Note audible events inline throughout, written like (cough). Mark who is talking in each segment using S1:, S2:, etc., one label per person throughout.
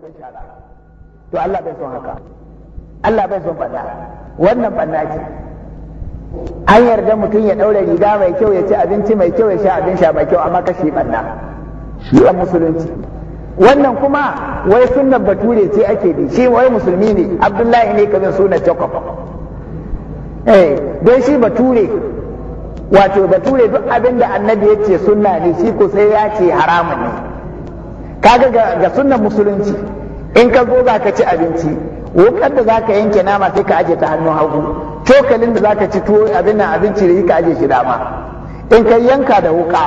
S1: to Allah bai son haka Allah bai son banna wannan banna ce an yarda mutum ya ɗaure riga mai kyau ya ci abinci mai kyau ya sha abin sha mai kyau amma kashi banna shi a musulunci wannan kuma wai sunnan bature ce ake bi shi wai musulmi ne abdullahi ne kamar sunan jacob eh don shi bature wato bature duk abin da annabi ya ce sunna ne shi ko sai ya ce haramun ne kaga ga sunnan musulunci in ka zo za ka ci abinci wukar da za ka yanke nama sai ka aje ta hannun hagu cokalin da za ka ci tuwo abin nan abinci da yi ka aje shi dama in ka yanka da wuka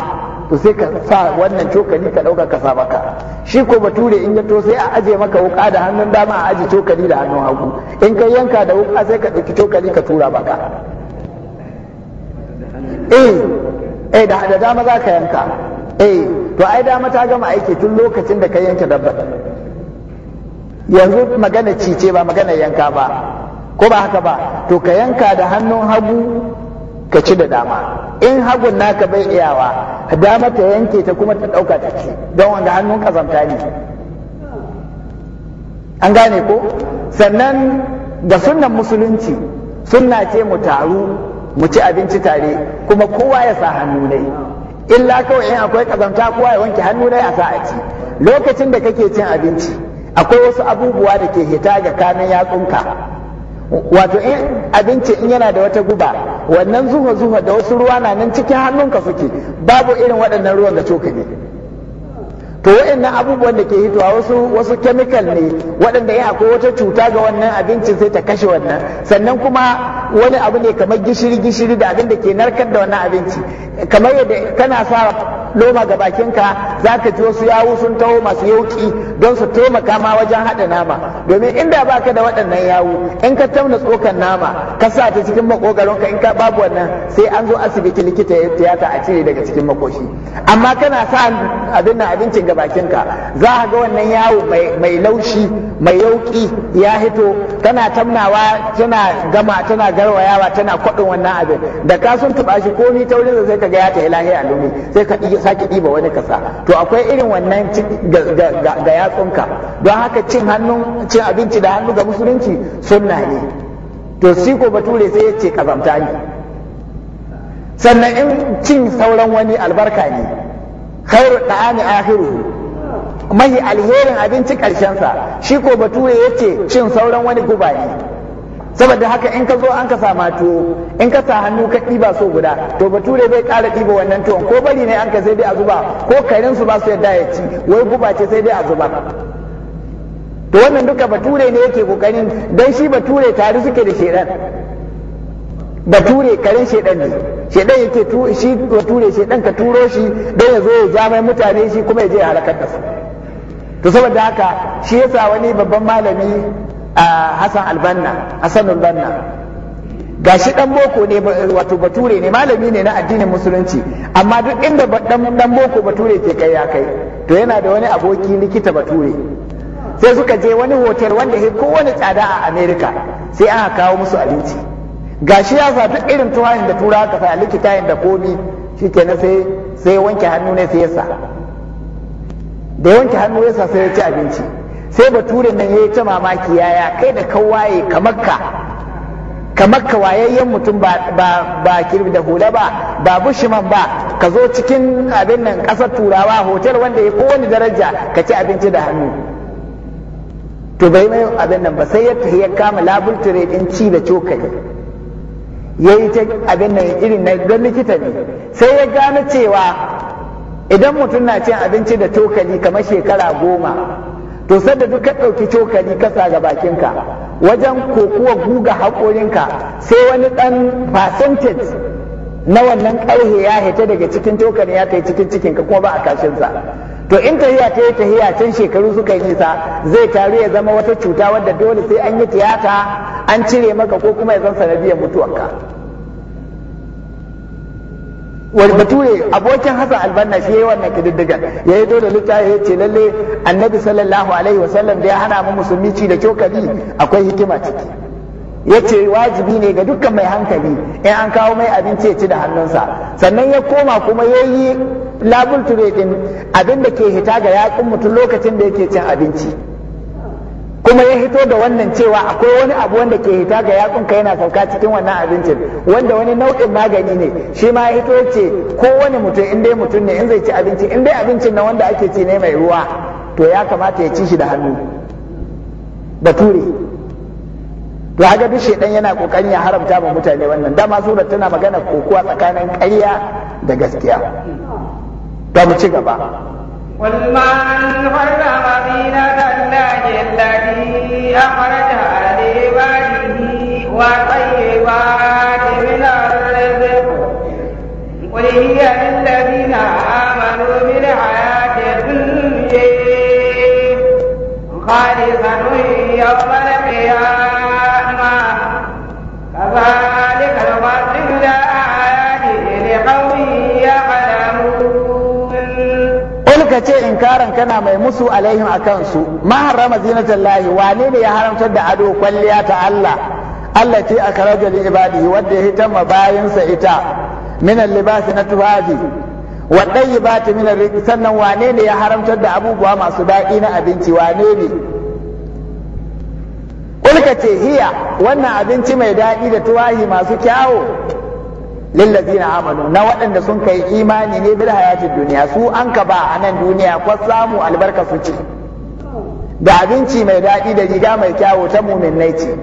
S1: to sai ka sa wannan cokali ka ɗauka ka sa maka shi ko bature in ya to sai a aje maka wuka da hannun dama a aje cokali da hannun hagu in ka yanka da wuka sai ka ɗauki cokali ka tura maka eh eh da dama za ka yanka eh to ai dama ta gama aiki tun lokacin da ka yanke dabba yanzu magana cice ba magana yanka ba ko ba haka ba to ka yanka da hannun hagu ka ci da dama in hagun naka bai iyawa dama ta yanke ta kuma ta ɗauka ta ci don wanda hannun kazamta ne an gane ko sannan da sunnan musulunci sunna ce mu taru mu ci abinci tare kuma kowa ya sa hannu ne illa kawai in akwai kazamta kowa ya wanke hannu na a lokacin da kake cin abinci akwai wasu abubuwa da ke hita ga kanin yatsunka wato in abinci in yana da wata guba wannan zuwa zuwa da wasu ruwa na nan cikin hannunka suke babu irin waɗannan ruwan da cokali to waɗannan abubuwan da ke hitowa wasu wasu chemical ne waɗanda ya akwai wata cuta ga wannan abincin sai ta kashe wannan sannan kuma wani abu ne kamar gishiri gishiri da abin da ke narkar da wannan abinci kamar yadda kana sa loma ga bakinka za ka ji wasu yawu sun taho masu yauki don su toma kama wajen haɗa nama domin inda baka da waɗannan yawu in ka tauna tsokan nama ka sa ta cikin makogaronka in ka babu wannan sai an zo asibiti likita ya tiyata a cire daga cikin makoshi amma kana sa abin nan abincin ga bakinka za ka ga wannan yawo mai laushi mai yauki ya hito tana tamnawa tana gama tana garwayawa tana kwadin wannan abin da ka sun tuba shi komi ta wurin sai ka ga ya ilahi a lumi sai ka sake ɗiba wani kasa to akwai irin wannan ga yatsunka don haka cin hannun cin abinci da hannu ga musulunci sunna ne to siko bature sai ya ce kazamta ne sannan in cin sauran wani albarka ne da ani ahiru mahi alherin abinci sa shi ko bature yace cin sauran wani guba saboda haka in ka zo an ka sama tuwo in ka sa hannu ka ɗiba so guda to bature bai ƙara ɗiba wannan tuwon ko bari ne an ka sai dai a zuba ko karin su ba su yadda ya ci wai guba ce sai dai a zuba to wannan duka bature ne yake kokarin dan shi bature tare suke da shedan bature karen shedan ne shedan yake tu shi bature shedan ka turo shi don ya zo ya ja mai mutane shi kuma ya je ya halakar da su to saboda haka shi yasa wani babban malami a Hassan Albanna Hassan Albanna gashi dan boko ne wato bature ne malami ne na addinin musulunci amma duk inda dan dan boko bature ke kai ya kai to yana da wani aboki likita bature sai suka je wani hotel wanda ko kowane tsada a America sai aka kawo musu abinci gashi ya safi irin tuwayin da tura ka sa yin da komi shi ke sai sai wanke hannu ne sai ya da wanke hannu ya sa sai ya ci abinci sai tura nan ya yi ta mamaki yaya kai da kawaye kamar ka kamar wayayyen mutum ba ba ba kirbi da hula ba ba bushiman ba ka zo cikin abin nan kasar turawa hotel wanda ya kowane daraja ka ci abinci da hannu to bai mai abin nan ba sai ya kama labultire ɗin ci da cokali ya yi ta abin nan irin na don likita ne sai ya gane cewa idan mutum na cin abinci da cokali kamar shekara goma to sai da ɗauki cokali kasa ga bakinka wajen kokuwa guga haƙorinka sai wani ɗan percentage na wannan ƙarhe ya hita daga cikin cokali ya kai cikin cikinka kuma ba a kashinsa to in tahiya ta yi tahiya can shekaru suka yi nisa zai taru ya zama wata cuta wadda dole sai an yi tiyata an cire maka ko kuma ya na sanadiyar mutuwarka wani bature abokin Hassan albanna shi ya wannan kididdigan ya yi dole lita ya ce lalle annabi sallallahu alaihi wasallam da ya hana mu musulmi ci da cokali akwai hikima ciki ya ce wajibi ne ga dukkan mai hankali in an kawo mai abinci ya ci da hannunsa sannan ya koma kuma ya yi labul ture din abin da ke hita ga yaƙin mutum lokacin da yake cin abinci kuma ya hito da wannan cewa akwai wani abu wanda ke hita ga ka yana sauka cikin wannan abincin wanda wani nau'in magani ne shi ma ya hito ya ce wani mutum in dai mutum ne in zai ci abinci in dai abincin na wanda ake ci ne mai ruwa to ya kamata ya ci shi da hannu da ture. to haka duk shedan yana kokarin ya haramta ma mutane wannan dama surar tana magana kokuwa tsakanin ƙarya da gaskiya to mu ci gaba
S2: قل ما أنزل مدينة الله التي أخرجها لعباده والطيبات من الرزق قل هي للذين آمنوا بالحياة الدنيا خالصة يوم القيامة كذلك
S1: ka ce inkaran kana mai musu alaihim a kansu. ma harrama zinatan lahi wane ne ya haramtar da ado kwalliya ta Allah Allah ce a li ibadihi wanda ya hitamma bayansa ita minan libasi na tufafi wa yi min minan riki sannan wane ne ya haramtar da abubuwa masu daɗi na abinci wane ne kulka ce hiya wannan abinci mai daɗi da tuwahi masu kyawo lillazina amanu na waɗanda sun kai imani ne bil hayatid duniya su an ka ba a nan duniya ko samu albarka su ce da abinci mai daɗi da riga mai kyawu ta muminai ce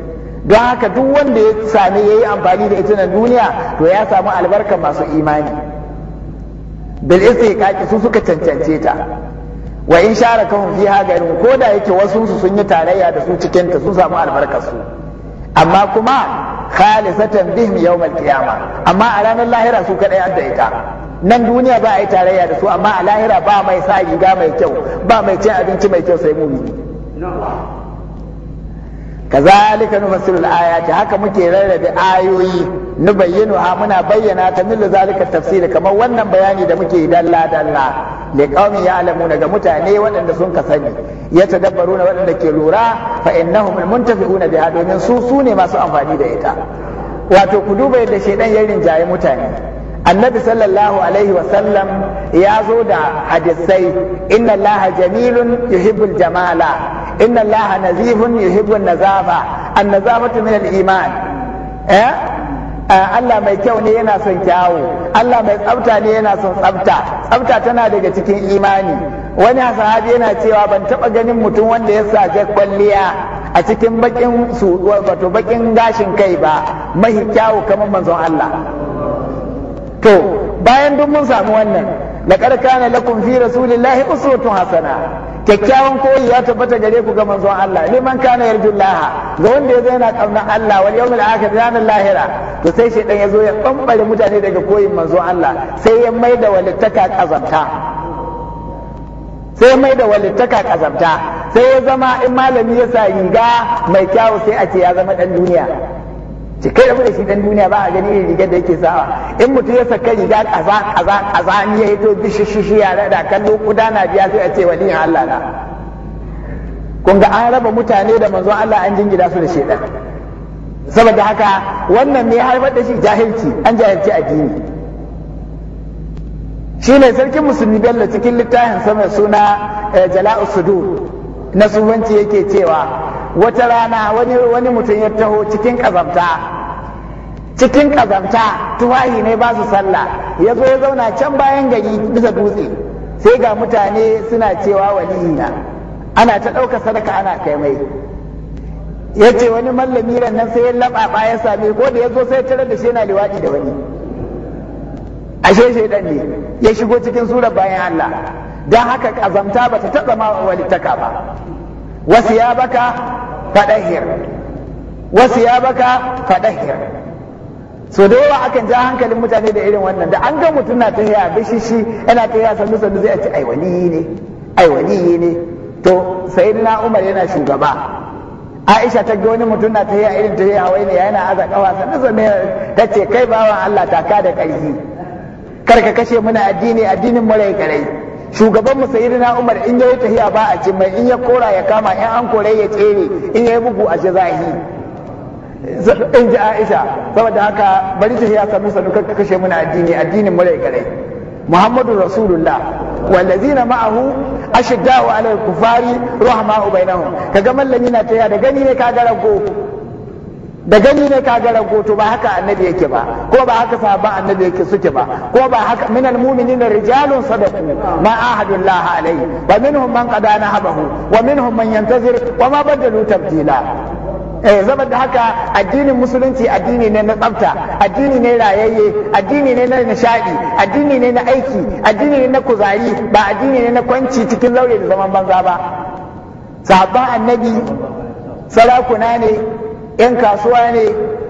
S1: don haka duk wanda ya sami ya amfani da ita nan duniya to ya samu albarka masu imani bil kaki su suka cancance ta wa in shara kan fiha garin ko da yake wasu su sun yi tarayya da su cikinta ta sun samu albarkar su amma kuma khalisatan bihim yawmal qiyamah amma a ranar lahira su kadai adda ita nan duniya ba a yi tarayya da su amma a lahira ba mai sa riga mai kyau ba mai cin abinci mai kyau sai mumini kazalika nufassilu al-ayati haka muke rarrabe ayoyi nubayyinu ha muna bayyana ta min zalika tafsiri kamar wannan bayanin da muke dalla dalla li qaumi ya'lamuna ga mutane waɗanda sun ka sani yatadabbaruna waɗanda ke lura fa innahum almuntafi'una biha domin su su ne masu amfani da ita wato ku duba yadda shedan ya rinjaye mutane annabi sallallahu alaihi wasallam ya zo da hadisai inna allaha jamilun yuhibbul jamala inna allaha nazihun yuhibbun nazafa annazafatu min al-iman eh? eh, Allah mai kyau ne yana son kyawu Allah mai tsafta ne yana son tsafta tsafta tana daga cikin imani wani sahabi yana cewa ban taɓa ganin mutum wanda ya sa kwalliya a cikin bakin su wato bakin gashin kai ba mahi kyawu kamar manzon Allah to bayan duk mun samu wannan laqad kana lakum fi rasulillahi uswatun hasana kyakkyawan koyi ya tabbata gare ku ga manzon Allah liman kana yarjullaha ga wanda yazo yana kauna Allah wal yawmil akhir ranar lahira to sai shedan yazo ya bambare mutane daga koyin manzon Allah sai ya maida walittaka kazanta sai mai da walittaka kazanta sai ya zama in malami ya sa riga mai kyawu sai a ce ya zama dan duniya cikai rabu da shi dan duniya ba a gani rigar da yake sawa in mutum ya saka riga kaza kaza kaza ni ya hito bishishishi ya da kallo kuda na biya sai a ce waliyin Allah na kun ga an raba mutane da manzon Allah an jingida su da shedan saboda haka wannan ne haifar da shi jahilci an jahilci addini shi ne sarkin musulmi bello cikin littafin sama suna eh, jala'u sudur na sufanci yake cewa wata rana wani wani mutum ya taho cikin kazamta cikin kazamta tuwahi ne ba su sallah ya zo ya zauna can bayan gari bisa dutse sai ga mutane suna cewa waliyina ana ta ɗauka sadaka ana kai mai ya ce wani mallami ran nan sai ya laɓaɓa ya same ko da ya zo sai tare da shi yana liwaɗi da wani ashe shaidan ne ya shigo cikin surar bayan Allah don haka ƙazamta ba ta taɓa ma ba wasu ya baka fadahir wasu ya baka fadahir so da yawa akan ja hankalin mutane da irin wannan da an ga mutum na ta yaya shi yana ta yaya sannu sannu zai ce ai wani ne ai wani ne to na umar yana shugaba Aisha ta ga wani mutum na ta yi irin ta yi wai ne yana aza kawa sannu sannan ta ce kai bawan Allah taka da ƙarfi kar ka kashe muna addini addinin mu rai karai shugaban mu na Umar in ya yi tahiya ba a cimma, in ya kora ya kama in an kore ya tsere in ya yi bugu a jazahi in ji Aisha saboda haka bari tahiya sanu sanu ka kashe muna addini addinin mu rai Muhammadu Rasulullah wallazina ma'ahu ashiddaa'u 'alal kufari rahma'u bainahum kaga mallami na tahiya da gani ne ka ga rago da gani ne ka ga goto ba haka annabi yake ba ko ba haka sahaba annabi yake suke ba ko ba haka minal mu'minina rijalun sadaqu ma ahadullah alayhi wa minhum man qada nahabahu wa minhum man yantazir wa ma badalu tabdila eh zama da haka addinin musulunci addini ne na tsafta addini ne rayayye addini ne na nishadi addini ne na aiki addini ne na kuzari ba addini ne na kwanci cikin laure da zaman banza ba sahaba annabi sarakuna ne 'yan kasuwa ne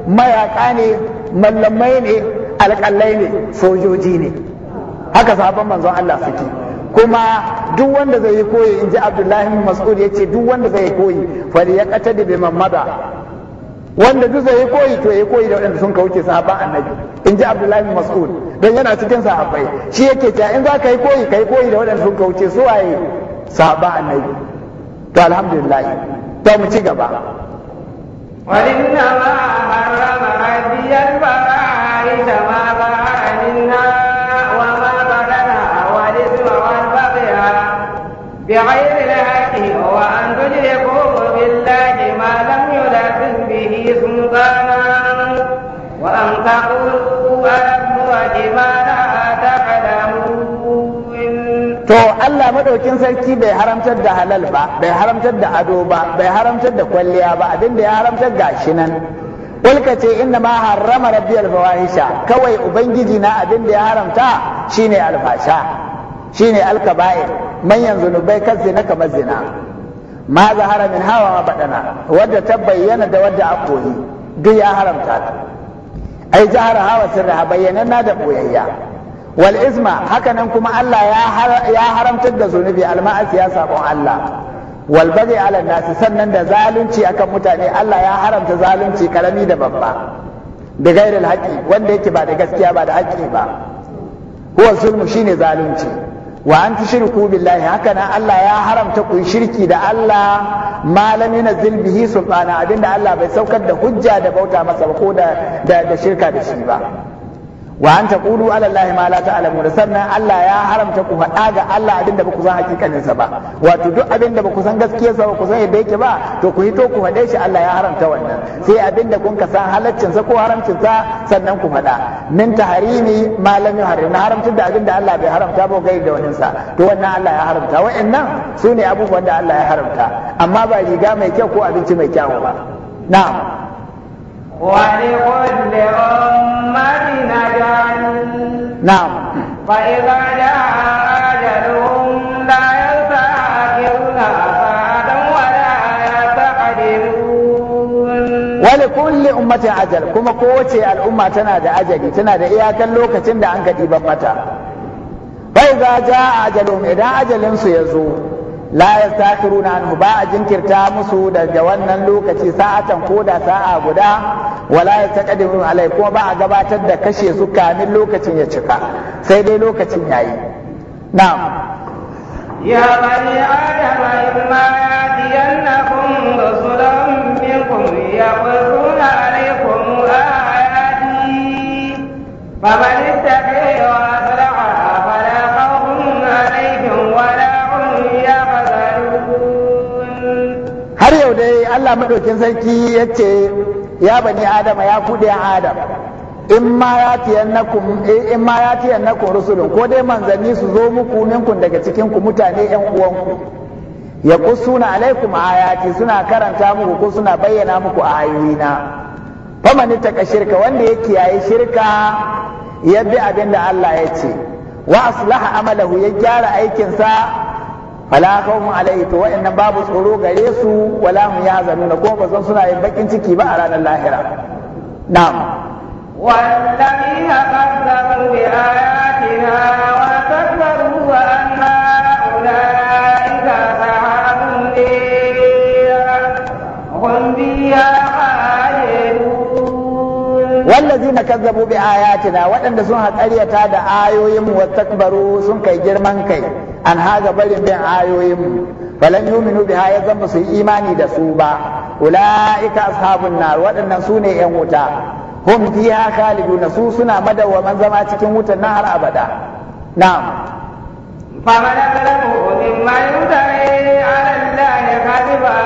S1: mayaka ne mallamai ne alƙalai ne sojoji ne haka sahabban manzon Allah suke kuma duk wanda zai yi koyi in ji abdullahi mas'ud ya ce duk wanda zai yi koyi fari ya kata da biman mada wanda duk zai yi koyi to ya koyi da waɗanda sun kauce sahabban annabi in ji abdullahi mas'ud don yana cikin sahabbai shi yake cewa in za ka yi koyi ka yi koyi da waɗanda sun kauce su waye sahabban annabi to alhamdulillah to mu ci gaba وإنما
S2: حرم هدي الفواحش ما ظهر منا وما بدن والإثم والبغي بغير الحق وأن تدركوا بالله ما لم يلزم به سلطانا وأن تقولوا على الله ما
S1: to Allah madaukin sarki bai haramtar da halal ba bai haramtar da ado ba bai haramtar da kwalliya ba abinda ya haramtar gashi nan Kulka ce inna ma harrama rabbi alfawahisha kawai ubangiji na abin da ya haramta shine alfasha shine alkaba'ir manyan zunubai kan zina kamar zina ma za haramin hawa ma badana wadda ta bayyana da wadda a koyi duk ya haramta ta ai jihar hawa sirra bayyana na da boyayya wal isma hakanan kuma Allah ya haramtar da zunubi alma'asi ya sabon Allah wal bagi ala nasi sannan da zalunci akan mutane Allah ya haramta zalunci karami da babba da gairil haƙi wanda yake ba da gaskiya ba da haƙi ba huwa zulmu shine zalunci wa an tushriku billahi hakanan Allah ya haramta ku shirki da Allah malami na zilbihi abinda Allah bai saukar da hujja da bauta masa ba ko da da shirka da shi ba wa an taqulu ala allahi ma la da sannan Allah ya haramta ku faɗa ga Allah abin da baku san hakikanin ba wato duk abin da baku san gaskiyar sa ku san yadda yake ba to ku hito ku faɗe shi Allah ya haramta wannan sai abin da kun ka san halaccin sa ko haramcin sa sannan ku faɗa min taharimi ma lam yuharrim haramta da abin da Allah bai haramta ba gai da wannan sa to wannan Allah ya haramta wa'annan sune abubuwan da Allah ya haramta amma ba riga mai kyau ko abinci mai kyau ba na'am
S2: Wani waje ne ƙorafin na fi haɗu?
S1: Wani kowace al'umma tana da ajali, tana da iyakan lokacin da an gaɗi bambata. Wani zaa ja idan ajalinsu ya zo. la yastakiruna an ba a jinkirta musu daga wannan lokaci sa'atan ko da sa'a guda wala yastaqdimu alai kuma ba a gabatar da kashe su kamin lokacin ya cika sai dai lokacin yayi na'am
S2: يا بني آدم إما يأتينكم رسلا ya يقصون alaikum ayati babani
S1: Allah madaukin sarki ya ce ya bani adama ya kuɗe adam in ma ya tiyannakum eh, in ma ya rusulun ko dai manzanni su zo muku minku daga cikin ku mutane yan uwanku ya kusuna alaikum ayati suna karanta muku ko suna bayyana muku ayoyina ta taka shirka wanda ya kiyaye shirka ya bi abin da Allah ya ce wa aslaha amalahu ya gyara aikinsa wala khawfun alaihi to wa'annan babu tsoro gare su wala hum yahzanuna ko ba zan suna yin bakin ciki ba a ranar lahira na'am
S2: والذين كذبوا بآياتنا
S1: wallazina kazzabu bi ayatina waɗanda sun haƙaryata da ayoyin mu wastakbaru sun kai girman kai an haga barin bin ayoyin mu falan yuminu biha ya zama su imani da su ba ulaika ashabun nar waɗannan su ne yan wuta hum fiha khaliduna su suna madawwaman zama cikin wutan na har abada na'am
S2: فمن min ممن يفتري على الله كذبا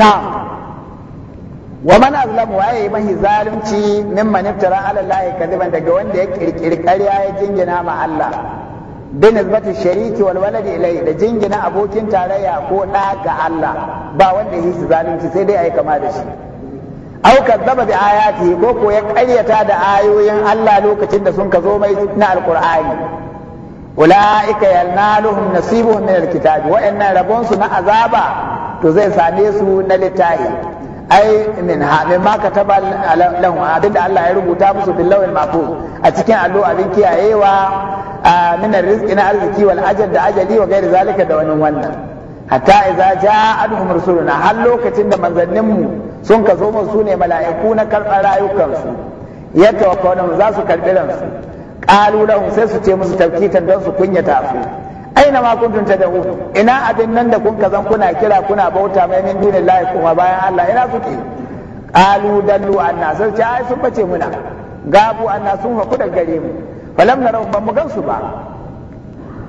S1: na wa man azlamu waye mahi zalunci mimman iftara ala Allah kadiban daga wanda ya kirkiri ƙarya ya jingina ma Allah bi nisbati shariki wal waladi ilai da jingina abokin tarayya ko da ga Allah ba wanda yi zalunci sai dai ai kama da shi aw kazzaba bi ayati ko ko ya ƙaryata da ayoyin Allah lokacin da sun ka zo mai na alqur'ani ulaika yanaluhum nasibuhum min alkitabi wa inna rabbansu na azaba to zai same su na littahi ai min ha min ma lan abin abinda Allah ya rubuta musu bil lawil mahfuz a cikin allo abin kiyayewa min arziki na arziki wal ajal da ajali wa gairi zalika da wani wannan hatta idza ja'atuhum rusuluna har lokacin da manzanninmu sun ka zo mun su ne mala'iku na karɓar rayukansu ya tawaffa za su karɓi ransu qalu lahum sai su ce musu tawkitan don su kunyata su aina ma da tad'un ina abin nan da kun zan kuna kira kuna bauta mai min dinin lahi kuma bayan Allah ina suke qalu dallu anna sai ce ai sun bace muna gabu anna sun ku da gare mu falam na ban mu gansu ba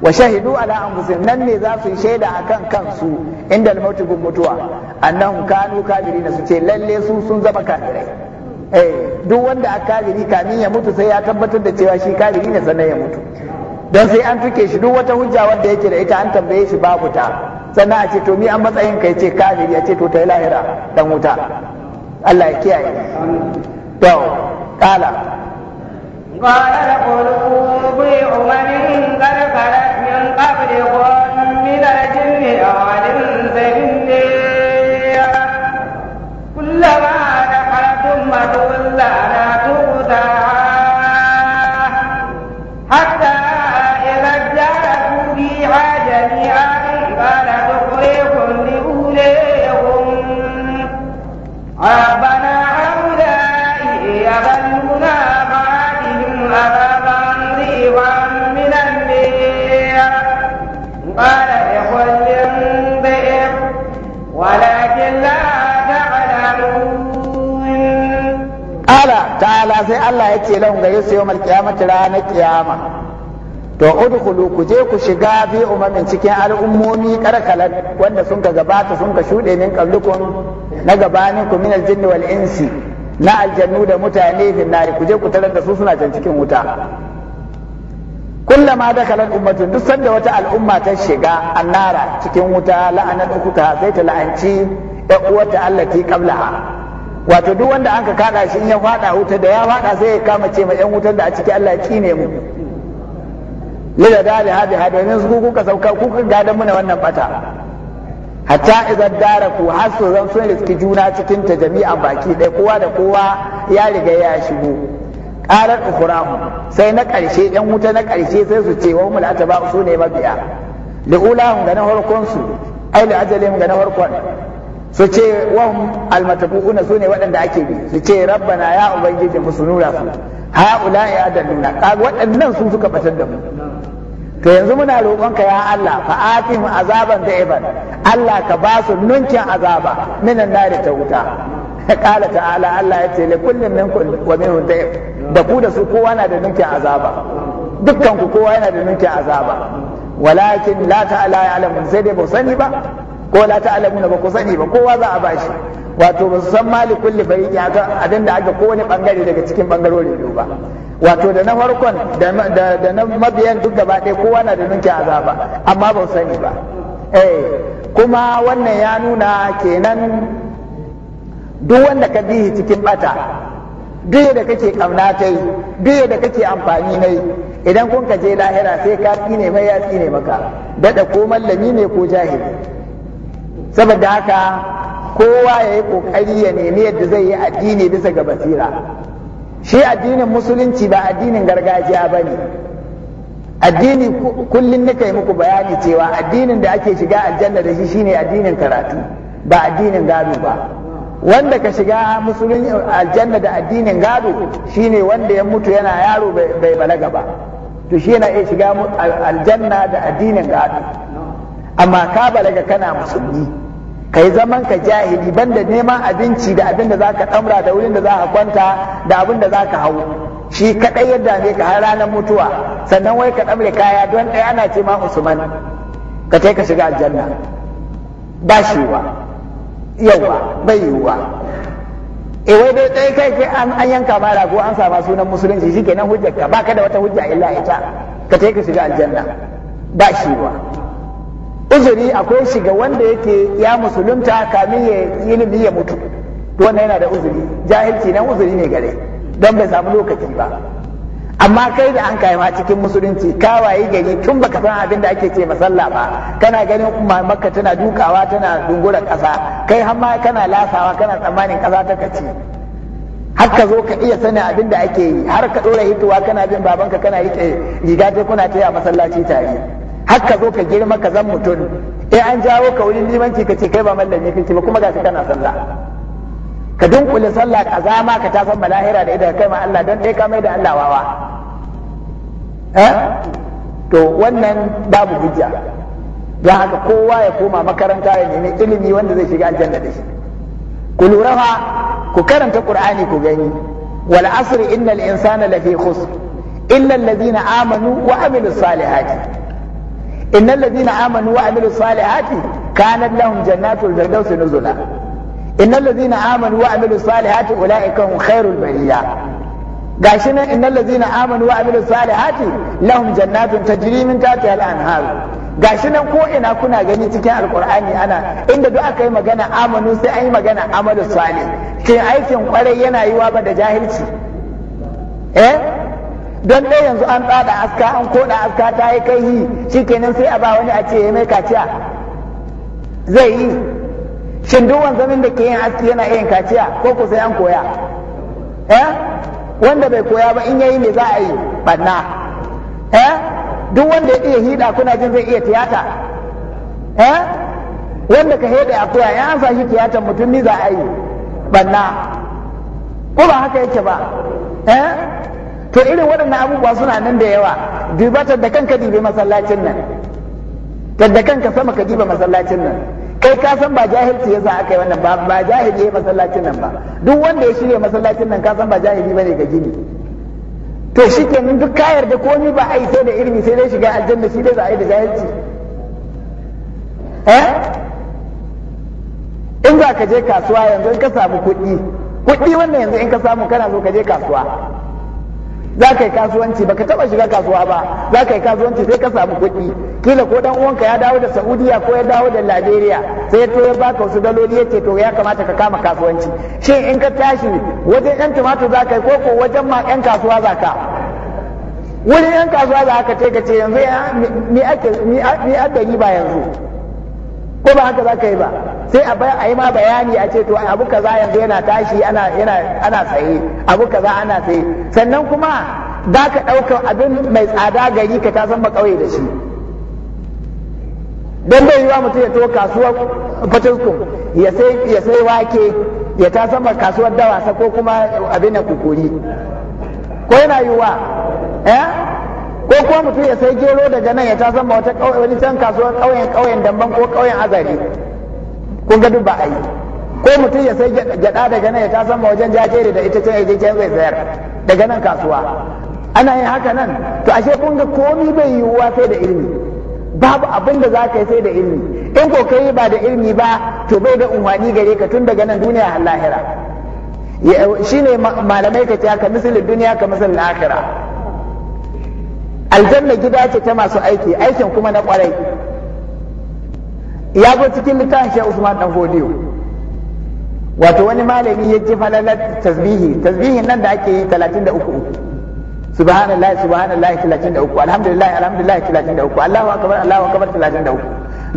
S1: wa shahidu ala anfusihim nan ne za su yi shaida akan kansu inda al-mautu bi mutuwa annahum kanu kafirin su ce lalle su sun zama kafirai eh duk wanda a kamin ya mutu sai ya tabbatar da cewa shi kafiri ne sannan ya mutu Don sai an tuke shi duk wata hujja wadda yake da ita an tambaye shi babu ta sannan a ce to mi an matsayin kai ce kafiri ya ce to ta yi lahira dan wuta Allah ya kiyaye to kala
S2: qala qulu bi'u man qarqara min qabli qawmin min al-jinn wal-insi sayyidi kullama dakhaltum matullana
S1: Allah ya ce lahum gare su yawmal qiyamati ranar qiyama to udkhulu ku je ku shiga bi umamin cikin al'ummomi karkalan wanda sun ka gabata sun ka shude min qablukum na gabanin ku min aljinni wal insi na aljannu da mutane bin nari ku je ku tarar da su suna can cikin wuta kullama dakalat ummatin, duk sanda wata al'umma ta shiga annara cikin wuta la'anat ta sai ta la'anci ya uwata allati qablaha wato duk wanda an ka kada shi ya fada wuta da ya fada sai ya kama ce ma yan wutar da a ciki Allah ya kine mu lila dali hadi hadi ne su kuka sauka kuka gadan muna wannan bata hatta idan daraku har su zan sun riski juna cikin ta jami'a baki ɗaya kowa da kowa ya riga ya shigo Ƙarar ukhramu sai na ƙarshe yan wuta na ƙarshe sai su ce wa ta ba su ne mabiya li'ulahum ga na farkon su ai da ajalin ga na farkon su ce wahum su sune waɗanda ake bi su ce rabbana ya ubangiji mu su ha su haula'i adalluna kaga waɗannan su suka batar da mu to yanzu muna roƙonka ya Allah fa atihim azaban da'iban Allah ka ba su nunkin azaba minan nari ta wuta kala ta'ala Allah ya ce li kullin minkum wa minhum da'if da ku da su kowa na da nunkin azaba dukkan ku kowa yana da nunkin azaba walakin la ta'ala ya'lamun sai dai ba sani ba ko la na ba ku sani ba kowa za a bashi wato ba su san mali kulli bai ya ga abin da aka kowane bangare daga cikin bangarori biyu ba wato da na farkon da na mabiyan duk gaba ɗaya kowa na da nunki azaba amma ba su sani ba eh kuma wannan ya nuna kenan duk wanda ka bihi cikin bata duk da kake kauna ta yi duk da kake amfani na idan kun ka je lahira sai ka tsine mai ya tsine maka da ko mallami ne ko jahili saboda haka kowa ya yi ƙoƙari ya nemi yadda zai yi addini bisa ga basira shi addinin musulunci ba addinin gargajiya ba ne addini kullum nika yi muku bayani cewa addinin da ake shiga aljanna da shi shine addinin karatu ba addinin gado ba wanda ka shiga musulunci aljanna da addinin gado shine wanda ya mutu yana yaro bai balaga ba to shi yana iya shiga aljanna da addinin gado amma ka balaga kana musulmi ka yi zaman ka jahili banda neman abinci da abin da za ka ɗamra da wurin da za ka kwanta da abin da za ka hau shi kaɗai yadda ne ka har ranar mutuwa sannan wai ka ɗamre kaya don ɗaya ana ce ma usman ka kai ka shiga aljanna ba shi wa yawa bai yiwuwa e wai dai ɗaya kai ke an yanka ma rago an sama sunan musulunci shi kenan hujjar ka baka da wata hujja illa ita ka kai ka shiga aljanna ba shi wa uzuri akwai shi ga wanda yake ya musulunta kamin ya yi ilimi ya mutu wannan yana da uzuri jahilci nan uzuri ne gare don bai samu lokaci ba amma kai da an kai ma cikin musulunci ka wayi gari tun baka san abin da ake ce masalla ba kana ganin umma makka tana dukawa tana dungura kasa kai har ma kana lasawa kana tsammanin kasa ta kaci har ka zo ka iya sanin abin da ake yi har ka dora hituwa kana bin babanka kana rike riga ta kuna taya masallaci tare har ka zo ka girma ka zan mutum eh an jawo ka wurin limanci ka ce kai ba mallami kake ba kuma ga kana sallah ka dunkule sallah azama ka ta san malahira da ida kai ma Allah don dai ka mai da Allah wawa eh to wannan babu hujja don haka kowa ya koma makaranta ya nemi ilimi wanda zai shiga aljanna da shi ku lura fa ku karanta qur'ani ku gani wal asri innal insana lafi khusr illa alladhina amanu wa amilus salihati innal ladina amanu wa amilus salihati kanat lahum jannatul firdausi nuzula innal ladina amanu wa amilus salihati ulaika hum khairul bariya gashi nan innal ladina amanu wa amilus salihati lahum jannatun tajri min tahtiha al-anhar gashi nan ko ina kuna gani cikin alkur'ani ana inda duk aka yi magana amanu sai an yi magana amalu salih aikin kwarai yana yiwa ba da jahilci don dai yanzu an tsada aska an koda aska ta yi kai shikenan sai a ba wani a ce ya mai kaciya zai yi shin duk wanzamin da ke yin aski yana yin kaciya ko ku sai an koya eh wanda bai koya ba in yayi me za a yi banna eh duk wanda ya iya hida kuna jin zai iya tiyata eh wanda ka hede a koya ya ansa shi tiyatar mutum ni za a yi banna ko ba haka yake ba eh to irin waɗannan abubuwa suna nan da yawa dubatar da kanka dibe masallacin nan da kanka sama ka dibe masallacin nan kai ka san ba jahilci yasa aka yi wannan ba ba jahili ya masallacin nan ba duk wanda ya shirya masallacin nan ka san ba jahili bane ga gini to shikenan duk ka yarda komai ba ai sai da ilimi sai dai shiga aljanna shi dai za a yi da jahilci eh? in za ka je kasuwa yanzu in ka samu kuɗi kuɗi wannan yanzu in ka samu kana so ka je kasuwa za ka yi kasuwanci ka taba shiga kasuwa ba za ka yi kasuwanci sai ka samu kuɗi kila ko dan uwanka ya dawo da saudiya ko ya dawo da liberia sai to ya baka wasu daloli ya ce to ya kamata ka kama kasuwanci shin in ka tashi wajen yan tumatur za ka yi koko wajen ma yan kasuwa za ka wurin yan kasuwa za ka ce yanzu mi ake mi riba yanzu ko ba haka za ka yi ba sai a bai a yi ma bayani a ce to abu kaza yanzu yana tashi ana yana ana tsaye abu kaza ana tsaye sannan kuma za ka ɗauka abin mai tsada gari ka ta san ƙauye da shi don bai yiwa mutum ya to kasuwar fatiskun ya sai ya sai wake ya ta san kasuwar dawasa ko kuma abin na kukuri ko yana yiwa eh ko kuma mutum ya sai gero daga nan ya ta san wata wani can kasuwar ƙauyen ƙauyen damban ko ƙauyen azari kun ga duk ba a yi ko mutum ya sai gyada daga nan ya ta san wajen jajere da ita ce ya je zai sayar daga nan kasuwa ana yin haka nan to ashe kun ga komi bai yiwuwa sai da ilimi babu abin da za ka yi sai da ilimi in ko kai ba da ilimi ba to bai da umarni gare ka tun daga nan duniya har lahira shine malamai ka ce misalin duniya ka misalin lahira aljanna gida ce ta masu aiki aikin kuma na kwarai ya zo cikin littafin shi Usman dan Hodiyo wato wani malami ya ji falalar tasbihi tasbihin nan da ake yi 33 subhanallahi subhanallahi 33 alhamdulillah alhamdulillah 33 Allahu akbar Allahu akbar 33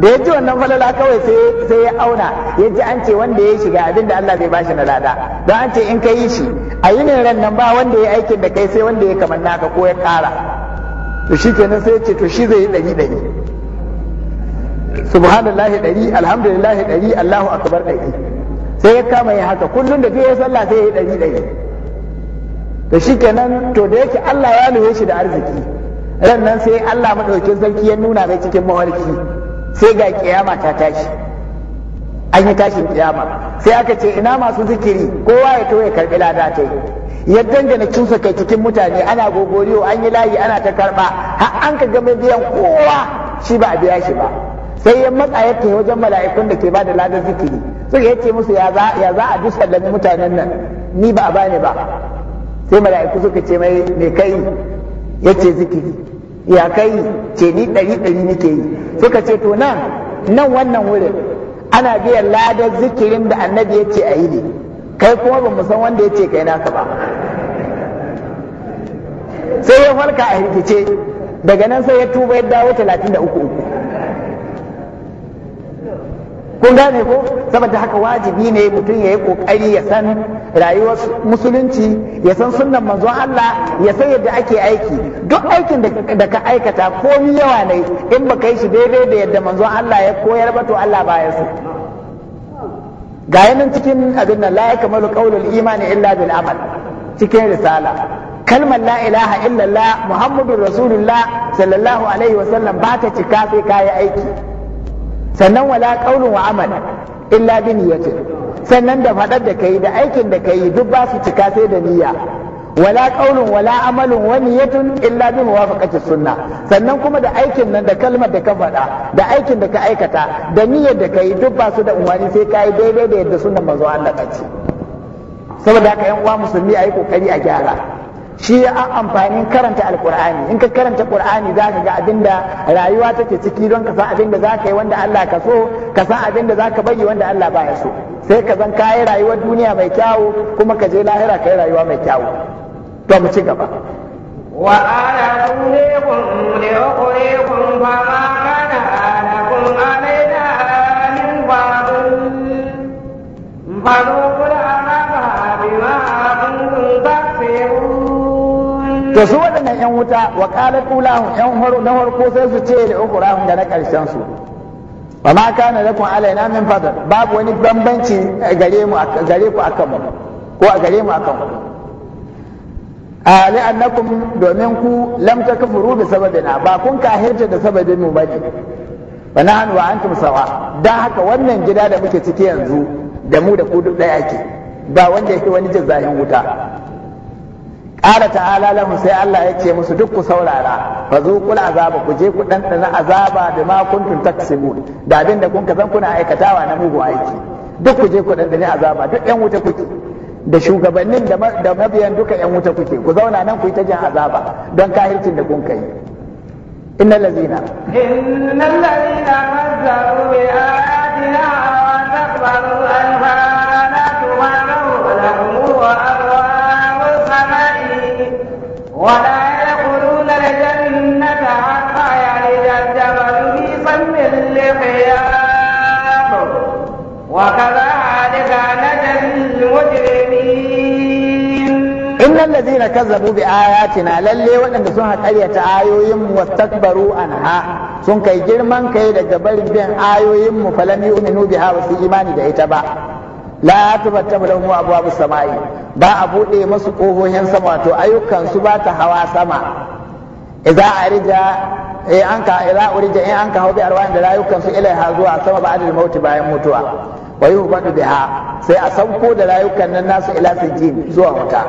S1: da ya ji wannan falala kawai sai sai ya auna ya ji an ce wanda ya shiga abin da Allah zai bashi na lada don an ce in ka yi shi a yi ne ran nan ba wanda ya aikin da kai sai wanda ya kamar naka ko ya kara to shi kenan sai ya ce to shi zai yi ɗari ɗari subhanallahi ɗari alhamdulillahi ɗari allahu akbar ɗari sai ya kama yi haka kullum da fiye sallah sai ya yi ɗari ɗari to shikenan to da yake allah ya nuhe shi da arziki ran nan sai allah maɗaukin sarki ya nuna mai cikin mawarki sai ga kiyama ta tashi an yi tashin kiyama sai aka ce ina masu zikiri kowa ya to ya karɓi lada ta ya dangana cusa kai cikin mutane ana gogoriyo an yi layi ana ta karɓa har an ka game biyan kowa shi ba a biya shi ba sai ya matsa ya wajen mala'ikun da ke ba da ladar zikiri suka yace musu ya za ya za a bi sallami mutanen nan ni ba a bani ba sai mala'iku suka ce mai me kai yace zikiri ya kai ce ni ɗari ɗari nake yi suka ce to nan nan wannan wurin ana biyan ladar zikirin da annabi ya ce a yi ne kai kuma ba san wanda ya ce kai naka ba sai ya farka a rikice daga nan sai ya tuba ya dawo talatin da uku uku kun gane ko saboda haka wajibi ne mutum ya yi kokari ya san rayuwar musulunci ya san sunan manzon Allah ya san yadda ake aiki duk aikin da ka aikata komi yawa ne in baka yi shi daidai da yadda manzon Allah ya koyar ba to Allah ba ya so ga yanin cikin abin nan la yakmalu qawlul imani illa bil amal cikin risala kalmar la ilaha illallah muhammadur rasulullah sallallahu alaihi wasallam ba ta cika sai kayi aiki sannan wala kaulun wa amal illa bi niyyati sannan da fadar da kai da aikin da kai duk ba su cika sai da niyya wala kaulun wala amalun wa niyyatun illa bi muwafaqati sunna sannan kuma da aikin nan da kalmar da ka faɗa da aikin da ka aikata da niyyar da kai duk ba su da umarni sai kai daidai da yadda sunnan manzo Allah ta ce saboda haka yan uwa musulmi ayi kokari a gyara shi an amfanin karanta alkur'ani in ka karanta qur'ani za ka ga abinda rayuwa take ciki don ka san abinda za ka yi wanda Allah ka so ka san abinda za ka bayyana wanda Allah baya so sai ka zan kayi rayuwar duniya mai kyau, kuma ka je lahira yi rayuwa mai kyau. to mu ci gaba
S2: wa ana tulikum li ukhrikum fa ma kana alakum alaina min ba'd
S1: to su waɗannan yan wuta wa qalat ulahum ƴan horo na farko sai su ce da hun da na karshen su wa ma kana lakum alaina min fadl babu wani bambanci gare mu gare ku akan mu ko a gare mu akan mu a li'annakum domin ku lam takfuru bi sababina ba kun kahirta da sababin mu bane Bana nahnu wa antum sawa dan haka wannan gida da muke ciki yanzu da mu da ku duk ɗaya ake ba wanda yake wani jazzahin wuta qala ta'ala sai Allah ya ce musu duk ku saurara fa zuqul azaba ku je ku dandana azaba da ma kuntum taksibun da abin da kun kazan kuna aikatawa na mugu aiki duk ku je ku dandana azaba duk ƴan wuta kuke da shugabannin da mabiyan duka yan wuta kuke ku zauna nan ku yi ta jin azaba don kahircin da kun kai innal ladzina
S2: innal ladzina kazzabu ولا يدخلون الجنة حتى يلج الجبل في سم اللحياب وكذلك نجزي المجرمين
S1: إن الذين كذبوا بآياتنا للي وإن سنها قرية آيوهم واستكبروا عنها sun kai girman kai daga barin bin ayoyinmu falam yu'minu biha ba su imani da ita ba la tubattabu lahum abwaabus samai Ba a buɗe masu ƙohohin sama to ayyukansu ba ta hawa sama a rija e an ka ila urija in an ka hau bi arwahin da ila ha zuwa sama ba da mauti bayan mutuwa wa yuhbadu biha sai a sauko da rayukan nan nasu ila sijin zuwa wuta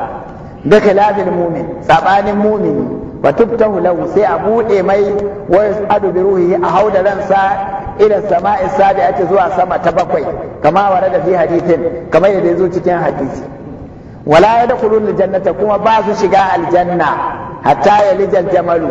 S1: da kalafin mumin sabanin mumin wa tubtahu lahu sai a buɗe mai wa adu bi ruhi a hau da ransa ila sama'i sabi'ati zuwa sama ta bakwai kama warada fi hadithin kamar yadda zo cikin hadisi wala ya da kulun jannata kuma ba su shiga aljanna hatta ya lijal jamalu